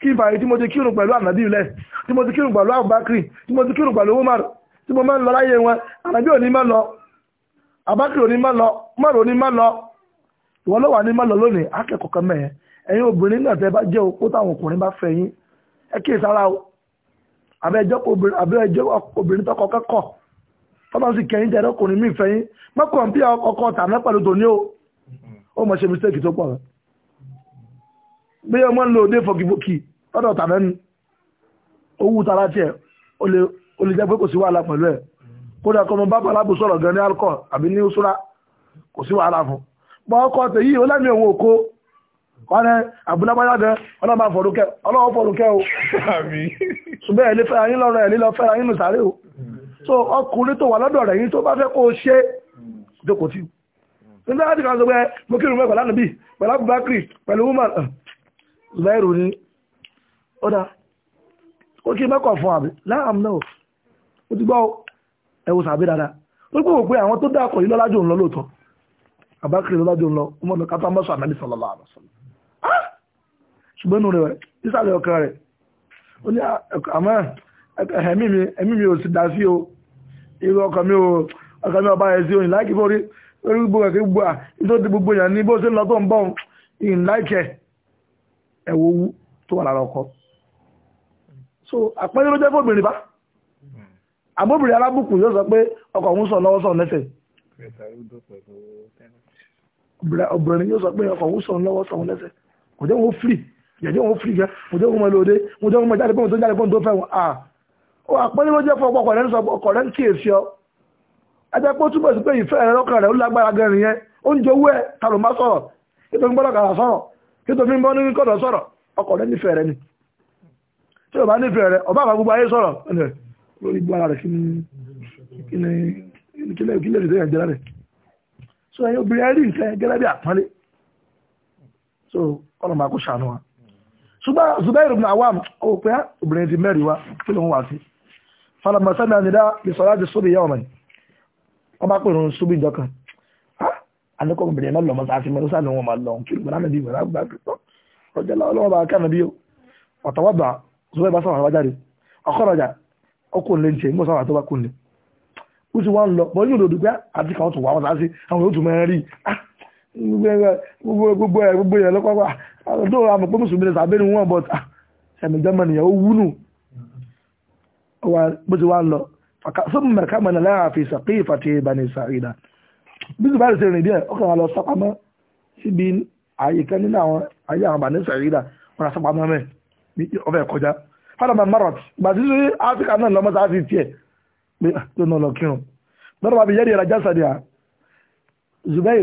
kí n fa ààyè tí mo ti kírun pẹ̀lú ànábì lẹ̀ tí mo ti kírun pẹ̀lú Abubakar tí mo ti kírun pẹ̀lú Umar tí mo máa ń lọ láyé wọn ànábì ò má lọ Abubakar ò má lọ Umar ò má lọ ìwọ ló wà ní má lọ lónìí akẹ́kọ̀ọ́ kan mẹ́yẹn ẹ̀yin obìnrin náà tẹ́ bá jẹ́ opó táwọn ọkùnrin bá fẹ́ yín ẹ kíyèsára o abẹ́ẹ̀jọ́ obìnrin tọkọ kẹ́kọ̀ tọ́lá sì kẹ́yìn tẹ̀rẹ́ ọkùnrin mí fẹ́yìn mọ́kàn bí ọkọ tàná pẹ̀lú tòní o ó mọ̀ ṣe mistake tó pọ̀ rẹ̀ bí ọmọ ń lo òde fọkìfọkì lọ́dọ̀ tàná ni owó tara tiẹ̀ ó lè jẹ́ pé kò sí wàhálà pẹ̀lú ẹ̀ kódà kọ́mọ bá balábù sọ̀rọ̀ gan ní alkọ àbí ní usura kò sí wàhálà fún bọ́ ọkọ tẹ̀ yìí ó lẹ́mìí òun òkó wọn ni àbúlábáyá dẹ ọlọ́mọ àfọ̀rùkẹ́ ọlọ́wọ́ fọ̀rùkẹ́ o ṣùgbọ́n ẹ̀ lè fẹ́ra yín lọ́rọ̀ ẹ̀ lè lọ fẹ́ra yín nù sáré o so ọkùnrin tó wà lọ́dọ̀ rẹ̀ yín tó bá fẹ́ kó ṣe jókòó tí nígbà láti kan sọ pé mo kírun lọ lóòótọ́ lọ ọmọdé kátó amọ́sọ ànábì sallallahu ṣùgbọ́n nù rẹ̀ ìsàlẹ̀ ọkàn rẹ̀ ó àmọ́ ẹ̀mí mi ẹ̀mí mi ò sì dá sí o irú ọkàn mi ò ọkàn mi ọba rẹ̀ òyìn láìkí fórí orí gbogbo ẹ̀kí gbogbo à nítorí ti gbogbo èèyàn ní bó ṣe ń lọ tó ń bọ̀ ìyìn láìkẹ́ ẹ̀wọ̀ owó tó wà lára ọkọ so àpẹẹrẹ ló jẹ́ fóbìnrin bá àbóbìnrin alábùkù yóò sọ pé ọkọ òun sọ lọ́wọ́ sọ lẹ́sẹ̀ obìnrin yóò sọ pé ọkọ òun sọ lọ́wọ́ sọ lẹ́sẹ̀ kò jẹ́ wọn ó free jẹ̀jẹ̀ òun fìrí jẹ́ mo jẹ́ òun lóde mo jẹ́ òun jáde pé òun tó jáde pé òun tó fẹ́ wọn à ó àpọ́nlé ló jẹ́ fún ọkọ̀ ọkọ̀ rẹ̀ ń sọ ọkọ̀ rẹ̀ ń kíyèsí ọ ẹjẹ́ pé ó túbọ̀ sí pé ìfẹ́ rẹ̀ lọ́kàn rẹ̀ ó lágbára gan nìyẹn ó ń jowú ẹ̀ ta ló má sọ̀rọ̀ kí tó ń gbọ́dọ̀ kàrà sọ̀rọ̀ kí tó fi ń bọ́ ní kọ̀dọ̀ sọ̀rọ̀ ọkọ̀ rẹ̀ nífẹ̀ẹ́ rẹ̀ ni tí ò bá nífẹ̀ẹ́ rẹ̀ ọba àbá gbogbo ayé sọ̀rọ̀ lórí gbọ́ ara rẹ̀ kí ni kílẹ̀ kílẹ̀ ìdẹ́yà jẹ́ra so ẹ̀yin obìnrin ẹ̀ nǹkan gẹ́gẹ́ bí àpọ́nlé so ọlọ́mọ akó ṣàánú wa ṣùgbọ́n Zubair ibn Awam ó pé obìnrin ti mẹ́rin wá kí ló ń wá sí falamasa náà nídá ìsọ̀rọ̀ àti sóbì yàwó mẹ́rin wọ́n bá pèrò sóbì ìjọ kan àníkọ́ obìnrin náà lọ́mọ sáà sí mẹ́rin sáà ni wọ́n máa lọ kí ló náà bí wọ́n á gbà pé ọjọ́ lọ́wọ́ bá kánà bí ọ̀tọ̀wọ́bà Zubair bá sọ̀rọ̀ wájáde ọkọ̀rọ̀jà ọkùnrin lè ń ṣe mọ́ sáwà tó bá kùnrin ó sì wá ń lọ bọ́ yóò lòdù pé àti kan tó wà wọ́n sáà sí àwọn yóò tún mẹ́rin rí gbogbo ẹ̀ gbogbo ẹ̀ lọ́pọ̀ tó àmọ̀ pé mùsùlùmí ni sàbẹ́ ni wọ́n bọ̀ ah, ẹ̀mí germany yẹn ó wúnú bó ti wá ń lọ fún mẹ̀ká mọ̀ náà láàfi ìsàkí ìfàtí ìbànú ìsàrídà bí ti bá rẹ̀ ṣe rìn díẹ̀ ó kàn wá lọ sápamọ́ síbi ààyè kan nínú àwọn ayé àwọn ìbànú ìsàrídà wọn rà sápamọ́ mẹ́ ọbẹ̀ kọjá fádàmà marot gbàtí sí áfíríkà náà lọ́mọ́ sáà sí tiẹ̀ pé ah, tó náà lọ kírun lọ́dọ̀ bàbí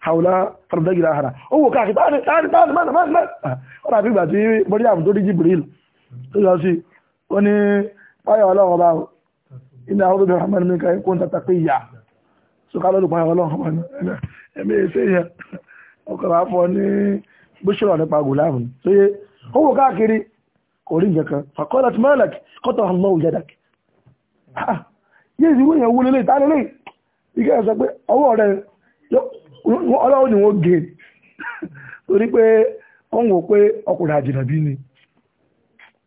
haula farudagi lahara ó wò káàkiri táàrí táàrí táàrí máa máa máa ọ̀rọ̀ àfi ìgbà tí bọ́dí àmì tó rí Jibril tó yọ sí ó ní páyà ọlọ́run ọba iná àwọn obìnrin hamani mi káyé kóńtà tàpé ìyá sókà lọ́dún páyà ọlọ́run ọba ẹ̀mí ẹ̀ṣẹ́ yẹn ọkọ̀ wà fọ ní bíṣọ̀rọ̀ nípa gùlámù tó yẹ ó wò káàkiri kò rí nǹkan kan fàkọ́lá ti mọ́lẹ̀kì kọ́tọ̀ ọmọ òjẹ́dàk yéèzì wọ́n yẹn wúlé lè tánilé ìkẹ́ ẹ̀sọ́ pé ọwọ́ rẹ̀ ọlọ́run ni wọ́n gé torí pé wọ́n wò pé ọkùnrin àjìnàbí ni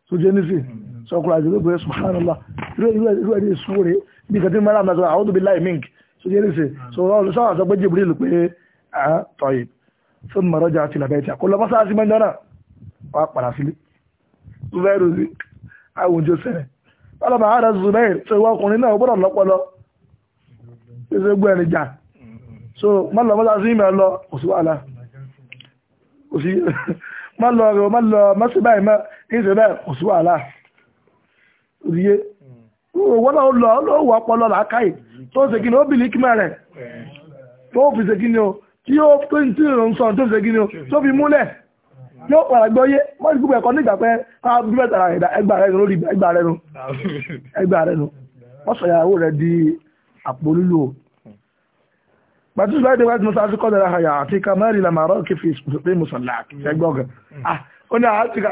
tó jẹ́ nífẹ̀ẹ́ sọ ọkùnrin àjìnàbí subhanallah irú ẹni ìṣúre bí kàtí mara àmì àwọn tóbi láì mink tó jẹ́ nífẹ̀ẹ́ sọ ọlọ́run sọ pé Jibril pé àá tọ̀yì fún mọ̀rọ́jà àti ìlàbẹ̀ ìtì àkọlọ mọ́sáàsì mẹ́jọ náà wà padà sílé zubairu sí àwọn ojú sẹ́rẹ̀ ọlọ́mọ àárẹ̀ zubairu tó ìwọ ọkùnrin náà ó gbọ́dọ̀ lọ́pọlọ ṣe gbọ́ ẹ̀rìn so mọ́lọ mọ́lá sí ìmẹ̀ lọ òsì wà náà òsì mọ́lọ rẹ̀ mọ́lọ mọ́sí báyìí mọ́ ìṣẹ́ bẹ́ẹ̀ òsì wà náà òsìyé wọ́n náà lọ olóòwò ọpọlọ làákàyè tó ṣe kí ni ó bìlí kí mẹ́rẹ̀ tó fi ṣe kí ni o tí ó tó ń tí ìrùn sọ tó ṣe kí ni o tó fi múlẹ̀ yóò padà gbọ́ yé wọ́n ti gbogbo ẹ̀kọ́ nígbà pé bíbẹ̀ tara ẹgbà rẹ̀ lórí ẹgbà rẹ̀ nu ẹgbà rẹ̀ nu wọ́n sọ ìyàwó rẹ̀ di àpò lílo pàtó sùláì dé wájú musa ti kọ́dọ̀ ráhàyà àti kamari la màrọ́ kí fi pé musalla ṣẹgbọ́gàn ah, ó ní àti ká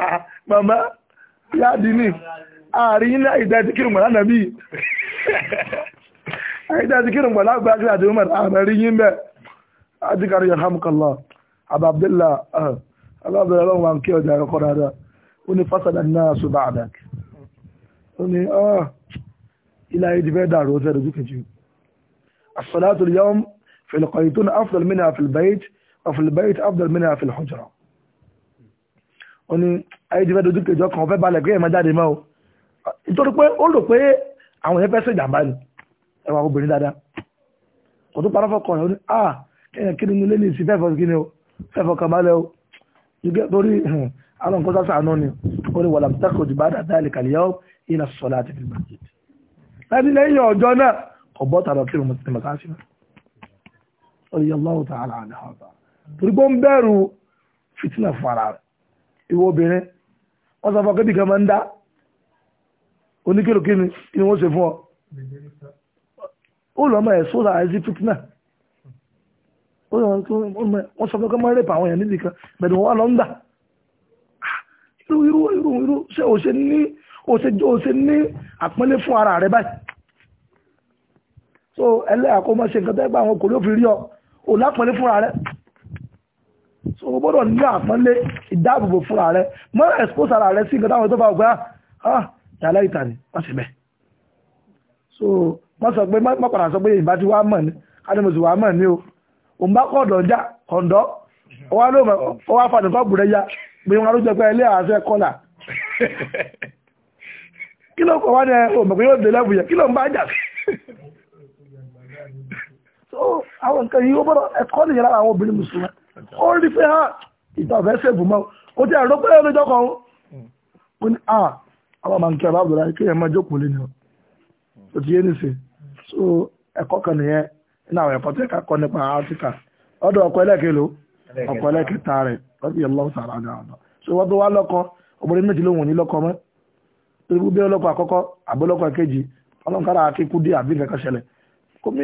màmá yá di ní ààrin yín láì mọ̀lá nàbí àìdá mọ̀lá bàákìrì àti umar ààrin yín bẹ́ẹ̀ àti kárí yà hàmùkàlá àbá alábẹ̀rẹ̀ lọ́wọ́ àwọn ọjà àkọ́kọ́ dáadáa ó ní fásitì ní ah, ilé في القيتون أفضل منها في البيت وفي البيت أفضل منها في الحجرة ó ní ayé ti fẹ́ dojú kejì ọkàn ọ̀fẹ́ balẹ̀ pé ẹ̀ máa jáde mọ́ o nítorí pé ó rò pé àwọn èèyàn fẹ́ ṣe ìjàmbá ni ẹwà obìnrin dáadáa kò tó parọ́ fọkàn rẹ̀ ó ní à kéèyàn kí ni ilé ní ìsìn fẹ́fọ́ kí ni o fẹ́fọ́ kan balẹ̀ o torí àwọn nǹkan sáà sàánú ni ó ní wàlà tẹ́kọ̀ òjì bá dáadáa lè kàlẹ́ yọ ìlà sọ̀lá àti fìgbà láti lẹ́yìn ọjọ́ náà kò bọ́ tàbí kírun radiyallahu ta'ala anha torí pé ó ń bẹ̀rù fìtínà fún ara rẹ̀ ìwọ obìnrin wọ́n sọ fún akébì kan máa ń dá oníkèrèkèrè kí ni wọ́n ṣe fún ọ ó lọ́mọ ẹ̀ sóra àìsí fìtínà ó lọ́mọ tó wọ́n sọ fún akébì kan rẹ̀pà àwọn èèyàn níbi kan bẹ̀rù wọn lọ ń gbà irú irú irú irú ṣé o ṣe ní o ṣe jọ o ṣe ní àpọ́nlé fún ara rẹ báyìí so ẹlẹ́yà kó má ṣe nǹkan tẹ́gbà àwọn kò ló fi rí ọ ò lápọ̀lé fúnra so o gbọ́dọ̀ ní àpọ́nlé ìdáàbòbò fúnra rẹ̀ mọ́ra expose ara rẹ̀ sí nǹkan táwọn tó bá gbá ah yàrá ìta ni wọ́n sì bẹ̀ so wọ́n sọ pé wọ́n padà sọ pé ìbá ti wá mọ̀ ní adémọ̀sí wá mọ̀ ní o òun bá kọ́ ọ̀dọ̀ já ọ̀dọ́ ọwá ló mọ̀ ọwá fàdé kọ́ọ̀bù rẹ̀ ya bí wọn lójọ pé ilé àṣẹ kọ́là kí ló kọ̀ wá ní ọmọ pé yóò dé lẹ́bù yẹn kí ló ń bá jà so àwọn nǹkan yìí ó bọ́dọ̀ ẹ̀kọ́ nìyẹn lára àwọn obìnrin mùsùlùmí ó rí ha ah, ìtàfẹ́ sèbù mọ́ kò tí ẹ̀rọ pé ẹ̀rọ ó ní à ah, àwọn ń kí kí ẹ̀ máa jókòó lé ní ọ ti yé so ẹ̀kọ́ kan nìyẹn nínú àwọn ẹ̀kọ́ tí ẹ̀ka kọ́ nípa áfíríkà ọkọ ọkọ ẹlẹ́kẹta rẹ̀ lọ́dí ọlọ́run sàrà ní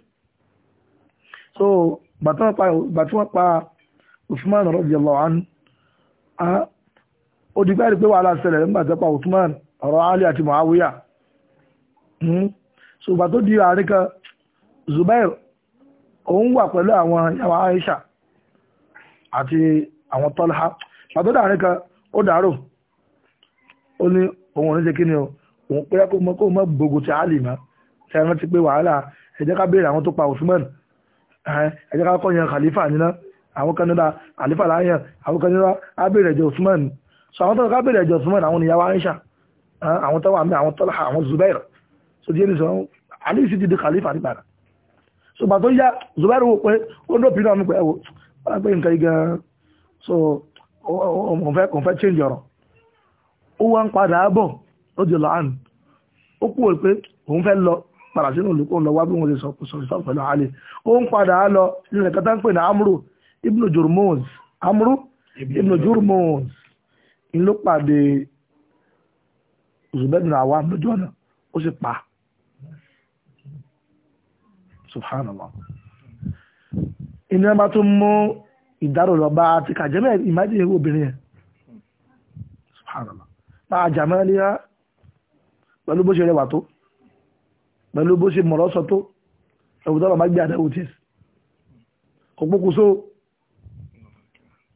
so bàtí wọ́n pa Usman radiyallahu anhu ó di gbáyìí pé wàhálà ṣẹlẹ̀ nígbà tó pa Usman ọ̀rọ̀ Ali àti Muawiya hmm? so bàtó di àárín kan Zubair òun wà pẹ̀lú àwọn ìyàwó Aisha àti àwọn Talha bàtó dàárín kan ó dàrò ó ní òun ní ṣe kí ni o òun pé kó gbogbo ti Ali mọ́ ṣe rántí pé wàhálà ẹ ká béèrè àwọn ẹ̀jẹ̀ ká kọ́ yan khalifa níná àwọn kan níná khalifa láyàn àwọn kan níná abẹ́rẹ̀ ẹ̀jẹ̀ Usman so àwọn tó ká bẹ̀rẹ̀ ẹ̀jẹ̀ Usman àwọn níyàwó Aisha àwọn tó wà mí àwọn Talha àwọn Zubair so díẹ̀ nìsọ Ali sì ti di khalifa nígbà náà so gbà tó yá Zubair wò pé ó ń dópin náà mi pé ẹ̀wò wọ́n á gbé nǹkan igi so òǹfẹ́ kòǹfẹ́ change ọ̀rọ̀ ó wá ń padà bọ̀ ó di lọ́hàn ó kúrò pé òun fẹ́ lọ padà sínú olùkọ́ ń lọ wá bí wọ́n ṣe sọ kò sọ ìfà pẹ̀lú àlè ó ń padà á lọ nínú ẹ̀ka tá ń pè ní amru ibnu jurmuz amru ibnu jurmuz ń ló pàdé zubẹ́dùn àwa lójú ọ̀nà ó sì pa subhanallah ìnira bá tún mú ìdárò lọ bá ti kàjẹ́ mẹ́rin ìmájìlẹ̀ obìnrin yẹn subhanallah bá jà mẹ́rin lé pẹ̀lú bó ṣe rẹwà tó pẹ̀lú bó ṣe mọ̀rọ̀ sọ tó ẹ̀wùn tọ́lọ̀ má gbé àdáwò tí kò pokùnso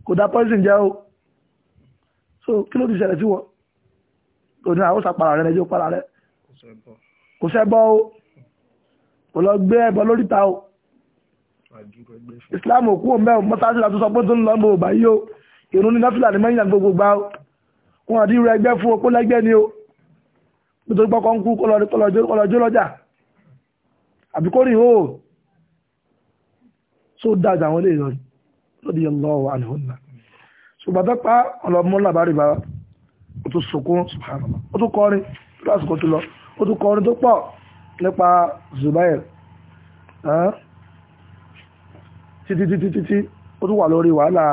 kò dá poison jẹ́ o so kí ló ti ṣẹlẹ̀ sí wọ́n òní àwọn sàpàrà rẹ̀ lẹ́jọ́ pàrà rẹ̀ kò sẹ́bọ́ o kò lọ gbé ẹbọ lóríta o Islam òkú òun bẹ́ẹ̀ mọ́tàlásí láti sọ pé tó ń lọ bò bá yí o ìrún ní náfìlà ní mẹ́yìn gbogbo gbá o wọn àdírò ẹgbẹ́ fún okó lẹ́gbẹ́ ni o nítorí pọ́kọ́ ń kú kọlọ́jọ́ lọ́jà àbí kó rìn hóò tó dájà àwọn ilé ìlọrin lóde ọlọ́wọ́ àlùhùnà ṣùgbọ́n pa ọlọ́mọ làbárí bá ó tún sunkún subhanallah ó tún kọrin lásìkò tó lọ ó tún kọrin tó pọ̀ nípa Zubair títí títí títí ó tún wà lórí wàhálà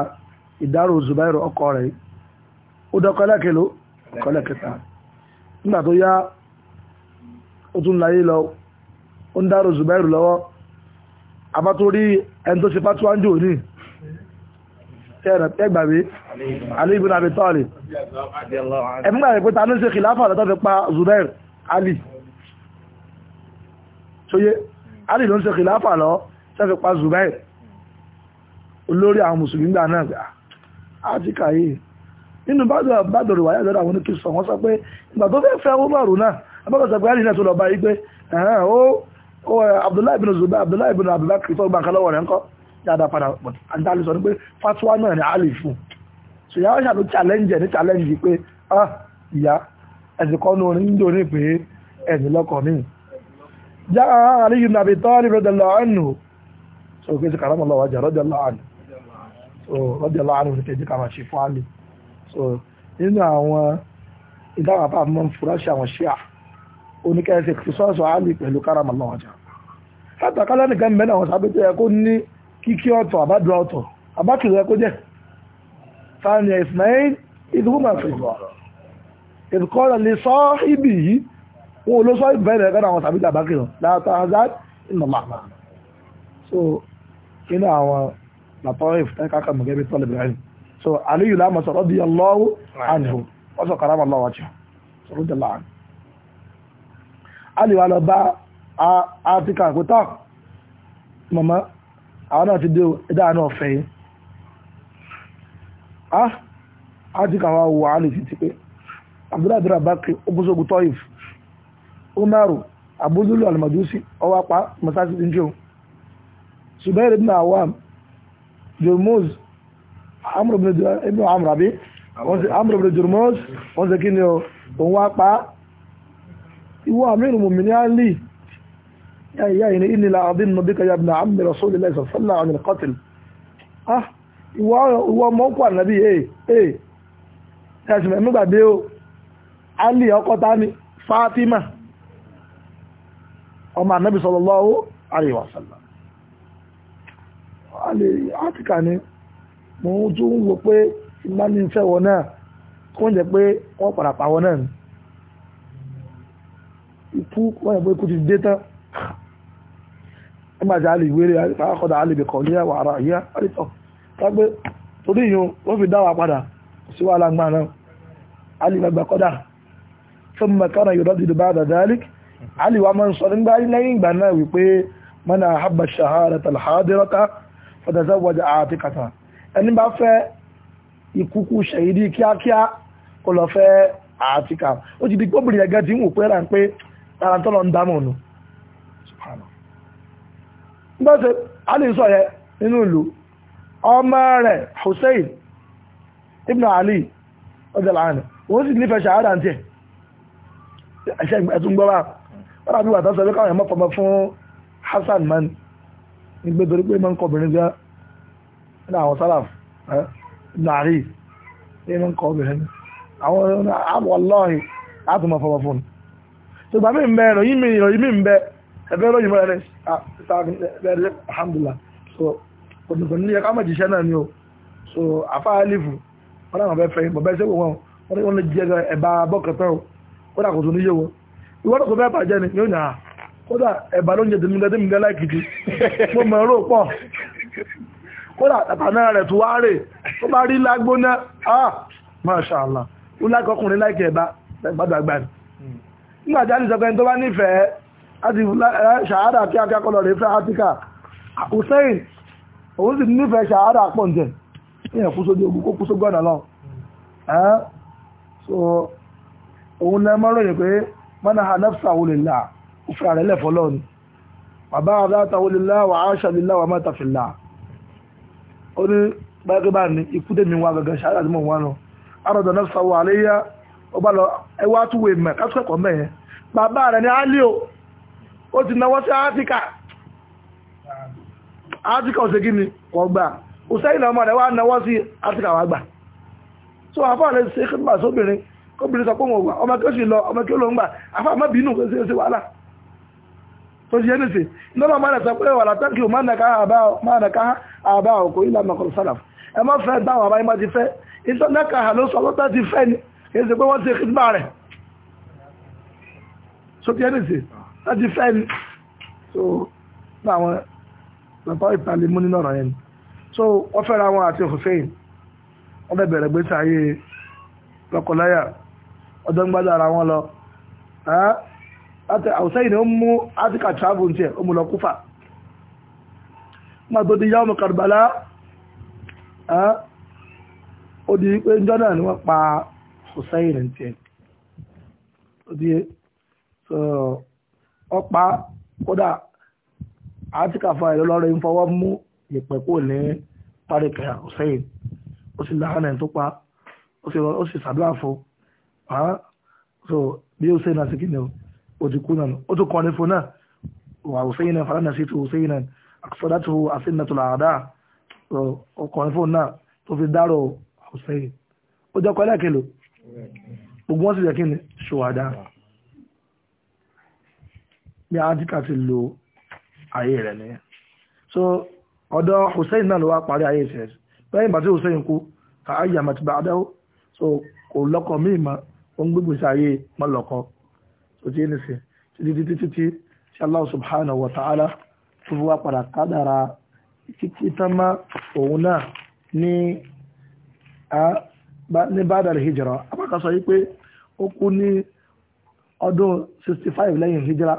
ìdárò Zubair ọkọ rẹ̀ ó dọ́kọ́ lẹ́kẹ̀ló nígbà tó yá ó tún láyé lọ ó ń dárò Zubairu lọ́wọ́ abátorí ẹni tó ṣe fátíwájú òní ẹgbàgbé Ali ibn Abi Talib ẹ̀mùgbà rẹ̀ pé ta ní ṣe kìláfà lọ́tọ́ fi pa Zubairu Ali ṣóyé Ali ló ń ṣe kìláfà lọ fi pa Zubairu olórí àwọn mùsùlùmí gbà náà àti ah, kàyé nínú bádọ̀rọ̀ wáyé lọ́dọ̀ àwọn oníkìsọ̀ wọ́n sọ pé ìgbà tó fẹ́ fẹ́ owó Ali náà tó lọ bá yí Eh, abdullahi bin zubair abdullahi bin abubakar tó gba nǹkan lọ́wọ́ rẹ̀ ńkọ́ dáadáa padà but àǹtálì sọ ní pé fatuwa náà ni ali fún so ìyá ọ̀ṣà ló challenge ní challenge pé ah ìyá ẹ̀sìn kan ní orin nídò ní pé ẹ̀sìn lọ́kọ̀ mi já aliyu nabi tọ́lì radiyallahu anhu so kí n sì kàrọ́ mọ́ lọ́wọ́ jà radiyallahu anhu so radiyallahu anhu ní kejì kàmá ṣe fún ali so nínú àwọn ìdáwà bá a máa ń fura ṣe àwọn ṣíà oníkẹ́sẹ̀ tí sọ́ọ̀sọ̀ alì pẹ̀lú karamallahu wajha látàkálá nìkan mẹ́rin àwọn sàbẹ́ tó yẹ kó ní kíkí ọ̀tọ̀ àbádùn ọ̀tọ̀ àbákìlẹ̀ ẹ̀kọ́ jẹ́ fàánìyà Ismail ìdúgbòmà fìgbà ìdúkọ́lẹ̀ lè sọ ibì yìí wọn ò ló sọ ìbẹ̀rẹ̀ ẹ̀kọ́ àwọn sàbẹ́ àbákìlẹ̀ látàzá ìnàmàmà so inú àwọn làtọ́rìf káka mọ̀gẹ́bí tọ́lẹ̀ Ibrahim so aliyu lamọ̀ sọ̀rọ̀ bí ọlọ́wọ́ àjò wọ́n sọ karamallahu wajha a lè wà lọ bá áfíríkà kó tán mọ̀mọ́ àwọn náà ti dé ẹ̀dá náà yìí áfíríkà wa wà á lè fi ti pé abdulladura bakri ogunsogun toif umaru abúlúlù almajusi ọwá pa masasi ti ń jẹun subairu ibn awam jormoz amr ibn amr abi amr ibn jormoz wọ́n ṣe kí ni o òun wá pa ìwọ àmìrì mùmìnì alì yáyà ìní ìnìlà àdín nàbíkà yà bìnà àmì rasúlì láìsà sọ́là àmì kọtìl ah ìwọ mọ́kù ànàbí eh, eh. ẹ̀ ẹ̀ ẹ̀sìn mẹ́mú gbàgbé o alì ọkọ ta ni Fatima ọmọ ànàbí sallallahu alaihi wa sallam alì áfíríkà ni mo tún wò pé ìmánìfẹ́ wọn náà kó jẹ pé wọ́n padà pa náà ikú wọ́n yẹ̀ pé ikú ti dé tán ẹ máa jẹ́ àlè ìwéré àkọ́dà àlè ìbẹ̀kọ̀ ní àwọn ará ìyá àrítọ̀ tágbé torí ìyún wọ́n fi dáwà padà sí wà lágbà náà àlè ìgbàgbà kọ́dà tó mọ̀ kánà yóò rọ́dìdì bá dàdà àlèk àlè wa máa ń sọ nígbà lẹ́yìn ìgbà náà wípé mọ́nà àhábà ṣàhárà fẹ́ ìkúkú ṣèyídí ó ti di gbóbìnrin ẹgẹ́ ti ń wò pé rà ń pé ara tọ́lọ ń dámọ̀ nù ali alì sọ yẹ ìlú Hussein ibn Ali ọjọ́ láàrin si nífẹ̀ẹ́ ṣàhádà tí ẹ̀ ṣe ẹ̀tún gbọ́ra wọ́n tàbí wàtá sọ pé káwọn fọmọ fún Hassan man nígbé pé ní àwọn nàárí pé àwọn ah, ṣùgbà mí ń bẹ ìròyìn mi ìròyìn mi ń bẹ ẹ̀fẹ́ ìròyìn mọ́ra rẹ̀ ṣàfihàn ah, alhamdulillah so òdùnkùn ní ẹ̀ka mọ̀ jíṣẹ́ náà ni o so afá alifu wọn náà fẹ́ fẹ́ bọ̀bẹ́ sí wọn wọn ni wọn lè jẹ́ ẹ̀bá bọ́kẹ̀tẹ́ o kódà kò tún níyẹ̀wò ìwọ́n tó fẹ́ bàjẹ́ ni yóò yàn á ah, kódà ẹ̀bà ló ń jẹ tèmídẹ́tèmídẹ́ láìkìtì mo mọ̀ ọ́rọ̀ pọ̀ kódà tàtàná rẹ̀ tó wá rè tó bá rí lágbóná ah masha allah ó lákọkùnrin láìkẹ̀ ẹ̀bá ẹ̀gbádùn àgbà ni nígbàjá ní sọpẹ́ tó bá nífẹ̀ẹ́ láti ṣàhádà kí akẹ́kọ̀ọ́ rẹ̀ fẹ́ áfíríkà hussein òun sì nífẹ̀ẹ́ ṣàhádà pọ̀ ǹjẹ́ ìyẹn kú sójú ogun kó kú sójú ọ̀nà lọ so òun náà mọ́ ròyìn pé mọ́nà hanafsa wòlélà òfin ààrẹ lẹ̀fọ́ lọ́ni bàbá àdáta wòlélà wà áṣà lílà wà mẹ́ta fìlà ó ní báyìí pé báyìí ikú dèmi wà gàgà ṣàhádà tí mò ń wá lọ àròdọ̀ náà sọ wà léyà ó bá lọ ẹwà túwò ìmọ̀ kásùkẹ́kọ̀ọ́ mẹ́yẹn bàbá rẹ̀ ní alio ó ti náwó sí áfíríkà áfíríkà ò ṣe kí ni kò gbà òsẹ́yìn náà ọmọ rẹ̀ wá náwó sí áfíríkà wá gbà so àfáà lè ṣe kí nígbà sóbìnrin kóbìnrin sọ pé wọn wà ọmọ kí ó sì lọ ọmọ kí ó lọ ń gbà àfáà má bínú kó ṣe wàhálà tó ṣe ní sí lọ́nà máa rẹ̀ sọ pé wà látàkì ò máa nàka àbá òkò ìlànà kọ̀ọ̀sálà ẹ má fẹ́ dáwọn àbáyé má ti fẹ́ ìtọ́nàkà ló sọ lọ́tà ti fẹ́ ni kìí ṣe pé wọ́n ti kìtìbà rẹ̀ so kí ẹni sí láti fẹ́ ni so bá àwọn bàbá ìpàlẹ̀ mú nínú ọ̀rọ̀ yẹn ni so wọ́n fẹ́ra wọn àti òfófẹ́ yìí wọ́n bẹ̀ bẹ̀rẹ̀ gbé sáyé lọ́kọ̀láyà ọdọ́ ń gbádùn ara wọn lọ àwùsẹ́ yìí ni ó mú áfíríkà travel ní tiẹ̀ ó mú lọ kúfà máa tó di yawmu Karbala ó di pé jọ́nà ni wọ́n pa Hussein ń tiẹ̀ ó di so ọ̀pá kódà àtìkàfà ìlọlọ́rẹ́ ń fọwọ́ mú ìpẹ́ kò ní tárìkà Hussein ó sì láhánà tó pa ó sì sàdúrà fún so bí ó sẹ́yìn náà sí kìnìún ó ti kú náà ó tún kọrin fún náà wà Hussein náà fàlànà sí tu Hussein náà àkọsọ́dátù àsìnàtò làádá ọkọrin fún náà tó fi dárò Hussein ó jẹ́ kọ́ ẹlẹ́kẹ̀lò gbogbo wọn sì jẹ́ kí ni ṣòwádà bí átíkà ti lo ayé rẹ̀ nìyẹn so ọ̀dọ̀ Hussein náà ló wá parí ayé ìṣẹ̀ lẹ́yìn ìgbà tí Hussein kú ká ayé àmàtí bá adáwó so kò lọ́kọ míì mọ́ ó ń gbégbé sí ayé mọ́lọ́kọ tó ti ní sí títí títí tí Allah subhanahu wa ta'ala tó fi wá padà kádàrà títí tán mọ́ òun náà ní ní bádàlì hijira apákan sọ wípé ó kú ní ọdún 65 lẹ́yìn hijira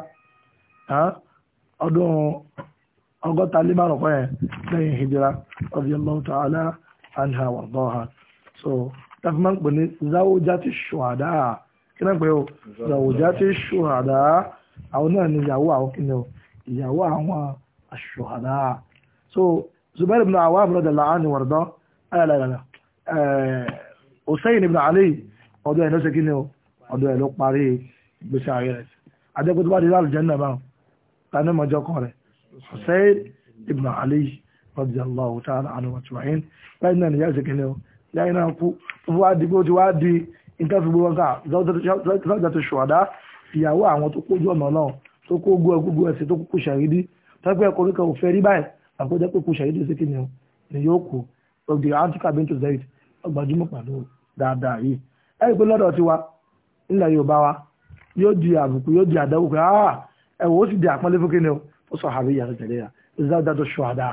ọdún ọgọ́ta lé márùn kọ́ yẹn lẹ́yìn hijira radiyallahu ta'ala anha wardaha so tafi máa ń pè ní zawjati shuhada kí náà pé o zawjati shuhada àwọn náà ni ìyàwó àwọn kìnìún ìyàwó àwọn aṣuhada so Zubair ibn Awwam radiyallahu anhu wardaha ayàlẹ́lẹ́lẹ́ Hussein ibn Ali ọdún ẹ̀ ló ṣe kí ni o ọdún ẹ̀ ló parí gbèsè ààrẹ rẹ̀ adẹ́gbẹ́ tó bá di láàrú jẹ́nà báwọn tani mọ́jọ́ kan rẹ̀ Hussein ibn Ali radiyallahu ta'ala anhu wàtúwàhín lẹ́yìn náà nìyá ṣe kí ni o lẹ́yìn náà kú fún wa di pé ó ti wá di nǹkan fi gbogbo nǹkan lọ́jọ́ tó ṣùwádà ìyàwó àwọn tó kójú ọ̀nà náà tó kó gbogbo ẹ̀sìn tó kúkú ṣàrídí tọ́pẹ́ koríko òfin rí báyìí àkójọ pé kú ṣàrídí sí kí ni o ni yóò kú of the antica bintu gbajúmọ̀ pẹ̀lú dáadáa yìí ẹ rí i pé lọ́dọ̀ tiwa nílẹ̀ Yorùbá wa yóò di àbùkù yóò di àdáwò pé ah ẹ̀wọ̀ ó sì di àpọ́nlé fún kíni o ó sọ àbí ìyàtọ̀ tẹ̀lé ya ìzáwọ́dá tó ṣùwádà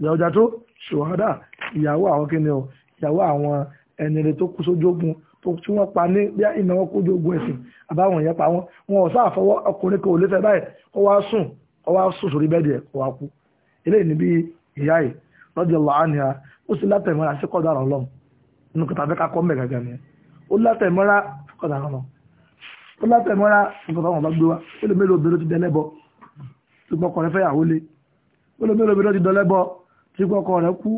ìzáwọ́dá tó ṣùwádà ìyàwó àwọn kíni o ìyàwó àwọn ẹni rẹ tó kú sójú ogun tó tí wọ́n pa ní bí iná wọn kójú ogun ẹ̀sìn àbáwọn ìyẹn pa wọn wọn ò sáàfọwọ́ ọkùnrin kan lè fẹ́ báyìí ó wá sùn ó wá sùn sórí bẹ́ẹ̀dì ni bí ìyá yìí lọ́dí ọlọ́ àníyá ó inú kọta fẹ́ kakọ́ mẹ́ gàgà ni ó látẹ̀mọ́ra kọ́ta ọmọ ó látẹ̀mọ́ra kọ́ta ọmọ bá gbé wa ó lè mélòó obìnrin ti dẹ́lẹ́bọ tí gbọ́kọ̀ rẹ fẹ́ yàwó lé ó lè mélòó obìnrin ti dọ́lẹ́bọ tí gbọ́kọ̀ rẹ kú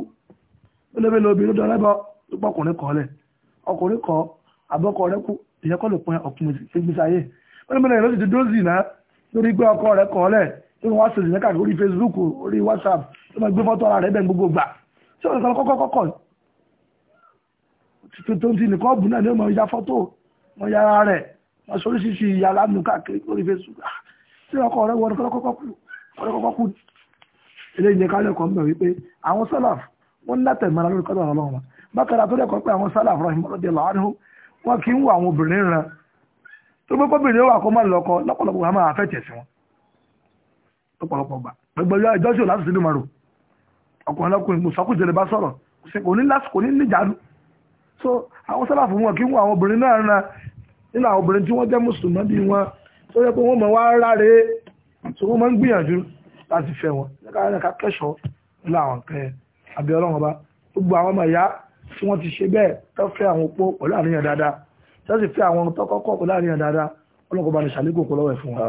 ó lè mélòó obìnrin dọ́lẹ́bọ tí gbọ́kùnrin kọ́ lẹ̀ ọkùnrin kọ́ àbọ́kọ̀ rẹ kú ìyẹn kọ́ ló pin ọkùnrin ìgbésí ayé ó lè mélòó obìnrin ti dózì náà lórí gbé ọkọ rẹ kọ́ lẹ̀ tí wọ́n wá sèzì ní káàkiri orí Facebook orí WhatsApp tó máa gbé fọ́tò ara rẹ̀ bẹ́ẹ̀ gbogbo gbà tí wọ́n tó ń ti nìkan ọ̀bùn náà ní ọmọ ìyá fọ́tò wọn yára rẹ̀ wọn sọ oríṣiríṣi ìyá lánàá káàkiri lórí Facebook tí ah, ọkọ rẹ wọ ọkọ̀ọ̀kọ̀ kú ilé ìyẹn káàlẹ̀ kan mẹ́ wípé àwọn sálàf wọ́n ń látẹ̀ mara lórí kọ́dọ̀ ọlọ́run wọn bákàrà tó lẹ́kọ̀ọ́ pé àwọn sálàf rahim ọlọ́dẹ làwọn wọn kì í wọ àwọn obìnrin ran tó gbé kóbìnrin wà kó má lọ́kọ lọ́pọ̀lọpọ̀ wọn máa fẹ́ tẹ̀sí wọn lọ́pọ̀lọpọ̀ gbà gbẹgbẹlú ẹjọ́ sí láti sílùmọ̀rò ọkùnrin lọ́kùnrin mùsọ́kùnjẹ̀lẹ̀ bá sọ̀rọ̀ kò ní lásìkò ní níjàánu so àwọn sálàfù wọn kí wọn àwọn obìnrin náà ran nínú àwọn obìnrin tí wọ́n jẹ́ mùsùlùmọ́ bí wọn tó yẹ pé wọ́n mọ̀ wá ráre so wọ́n máa ń gbìyànjú láti fẹ́ wọn ká kẹ́ṣọ́ nínú àwọn nǹkan àbí ọlọ́run ọba gbogbo àwọn ọmọ ìyá tí wọ́n ti ṣe bẹ́ẹ̀ tó fẹ́ àwọn opó pẹ̀lú àníyàn dáadáa tó sì fẹ́ àwọn tó kọ́kọ́ pẹ̀lú àníyàn dáadáa ọlọ́kọ̀ bá ní ṣàlékún kó lọ́wọ́ ẹ̀ fún wọn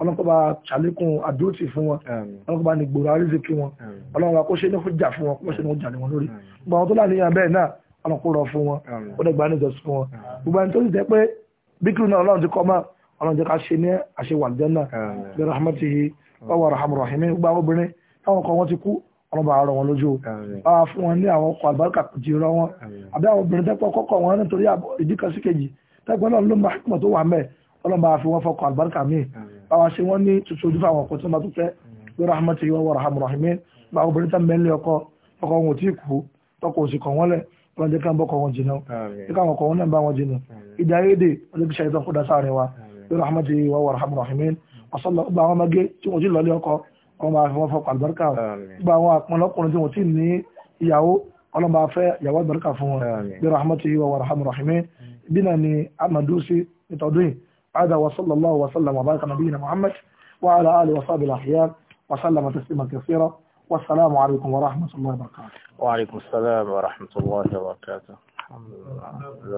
ọlọ́kọ̀ bá ṣàlékún àdúrótì fún wọn ọlọ́kọ̀ bá ní gbòòrò àrísìkí wọn ọlọ́run wa kó ṣe ní kó jà fún wọn kó ṣe ní kó jà ní wọn lórí gbogbo àwọn tó láníyàn ọlọ́kùnrọ̀ fún wọn ó dẹ̀ gba níjọ sí wọn gbogbo ẹni tó sì jẹ́ pé bíkìrì náà ọlọ́run ti kọ́ mọ́ ọlọ́run jẹ́ ká ṣe ní àṣewàlìjẹ́nà bí rahmatihi báwo rahmatu rahim gbogbo àwọn obìnrin táwọn ọkọ wọn ti kú ọlọ́ba àárọ̀ wọn lójú báwa fún wọn ní àwọn ọkọ àlùbáríkà kò ti rọ wọn àbí àwọn obìnrin tẹ́pọ̀ kọ́kọ́ wọn nítorí ìdí kan sí kejì tẹ́pọ̀ náà ló máa hikmọ̀ tó wà mẹ́ ọlọ́ba fi wọn fọkọ àlùbáríkà míì báwa ṣe wọn ní tuntun ojú fáwọn ọkọ tó máa tó fẹ́ bí rahmatihi wa rahmatu rahim báwo obìnrin tẹ́ mẹ́lẹ́ ọkọ ọkọ wọn ò tí ì kú tọkọ òsì kàn wọ́n lẹ̀ wọ́n jẹ́ ká ń bọ́kọ̀ wọn jìnà ìkà àwọn ọkọ̀ wọn náà wọn jìnà ìdá èdè ọdún kìí sáàrin wa lórí ahmadu wa wa rahman rahimin ọ̀sánlọ ọgbà àwọn ọmọge tí wọ́n jí lọlé ọkọ wọn máa fi wọn fọ àlùbáríkà gba àwọn àpọnlọkùnrin tí wọ́n ti ní ìyàwó ọlọ́mọ afẹ́ ìyàwó àlùbáríkà fún wọn lórí ahmadu wa wa rahman rahimin bínà ni amadusi nítọdún ada wa sallallahu wa sallam wa baraka nabiyina muhammad wa ala alihi wa sahbihi al-akhyar wa sallama taslima kathira wa salamu alaykum wa rahmatullahi wa barakatuh وعليكم السلام ورحمة الله وبركاته الحمد لله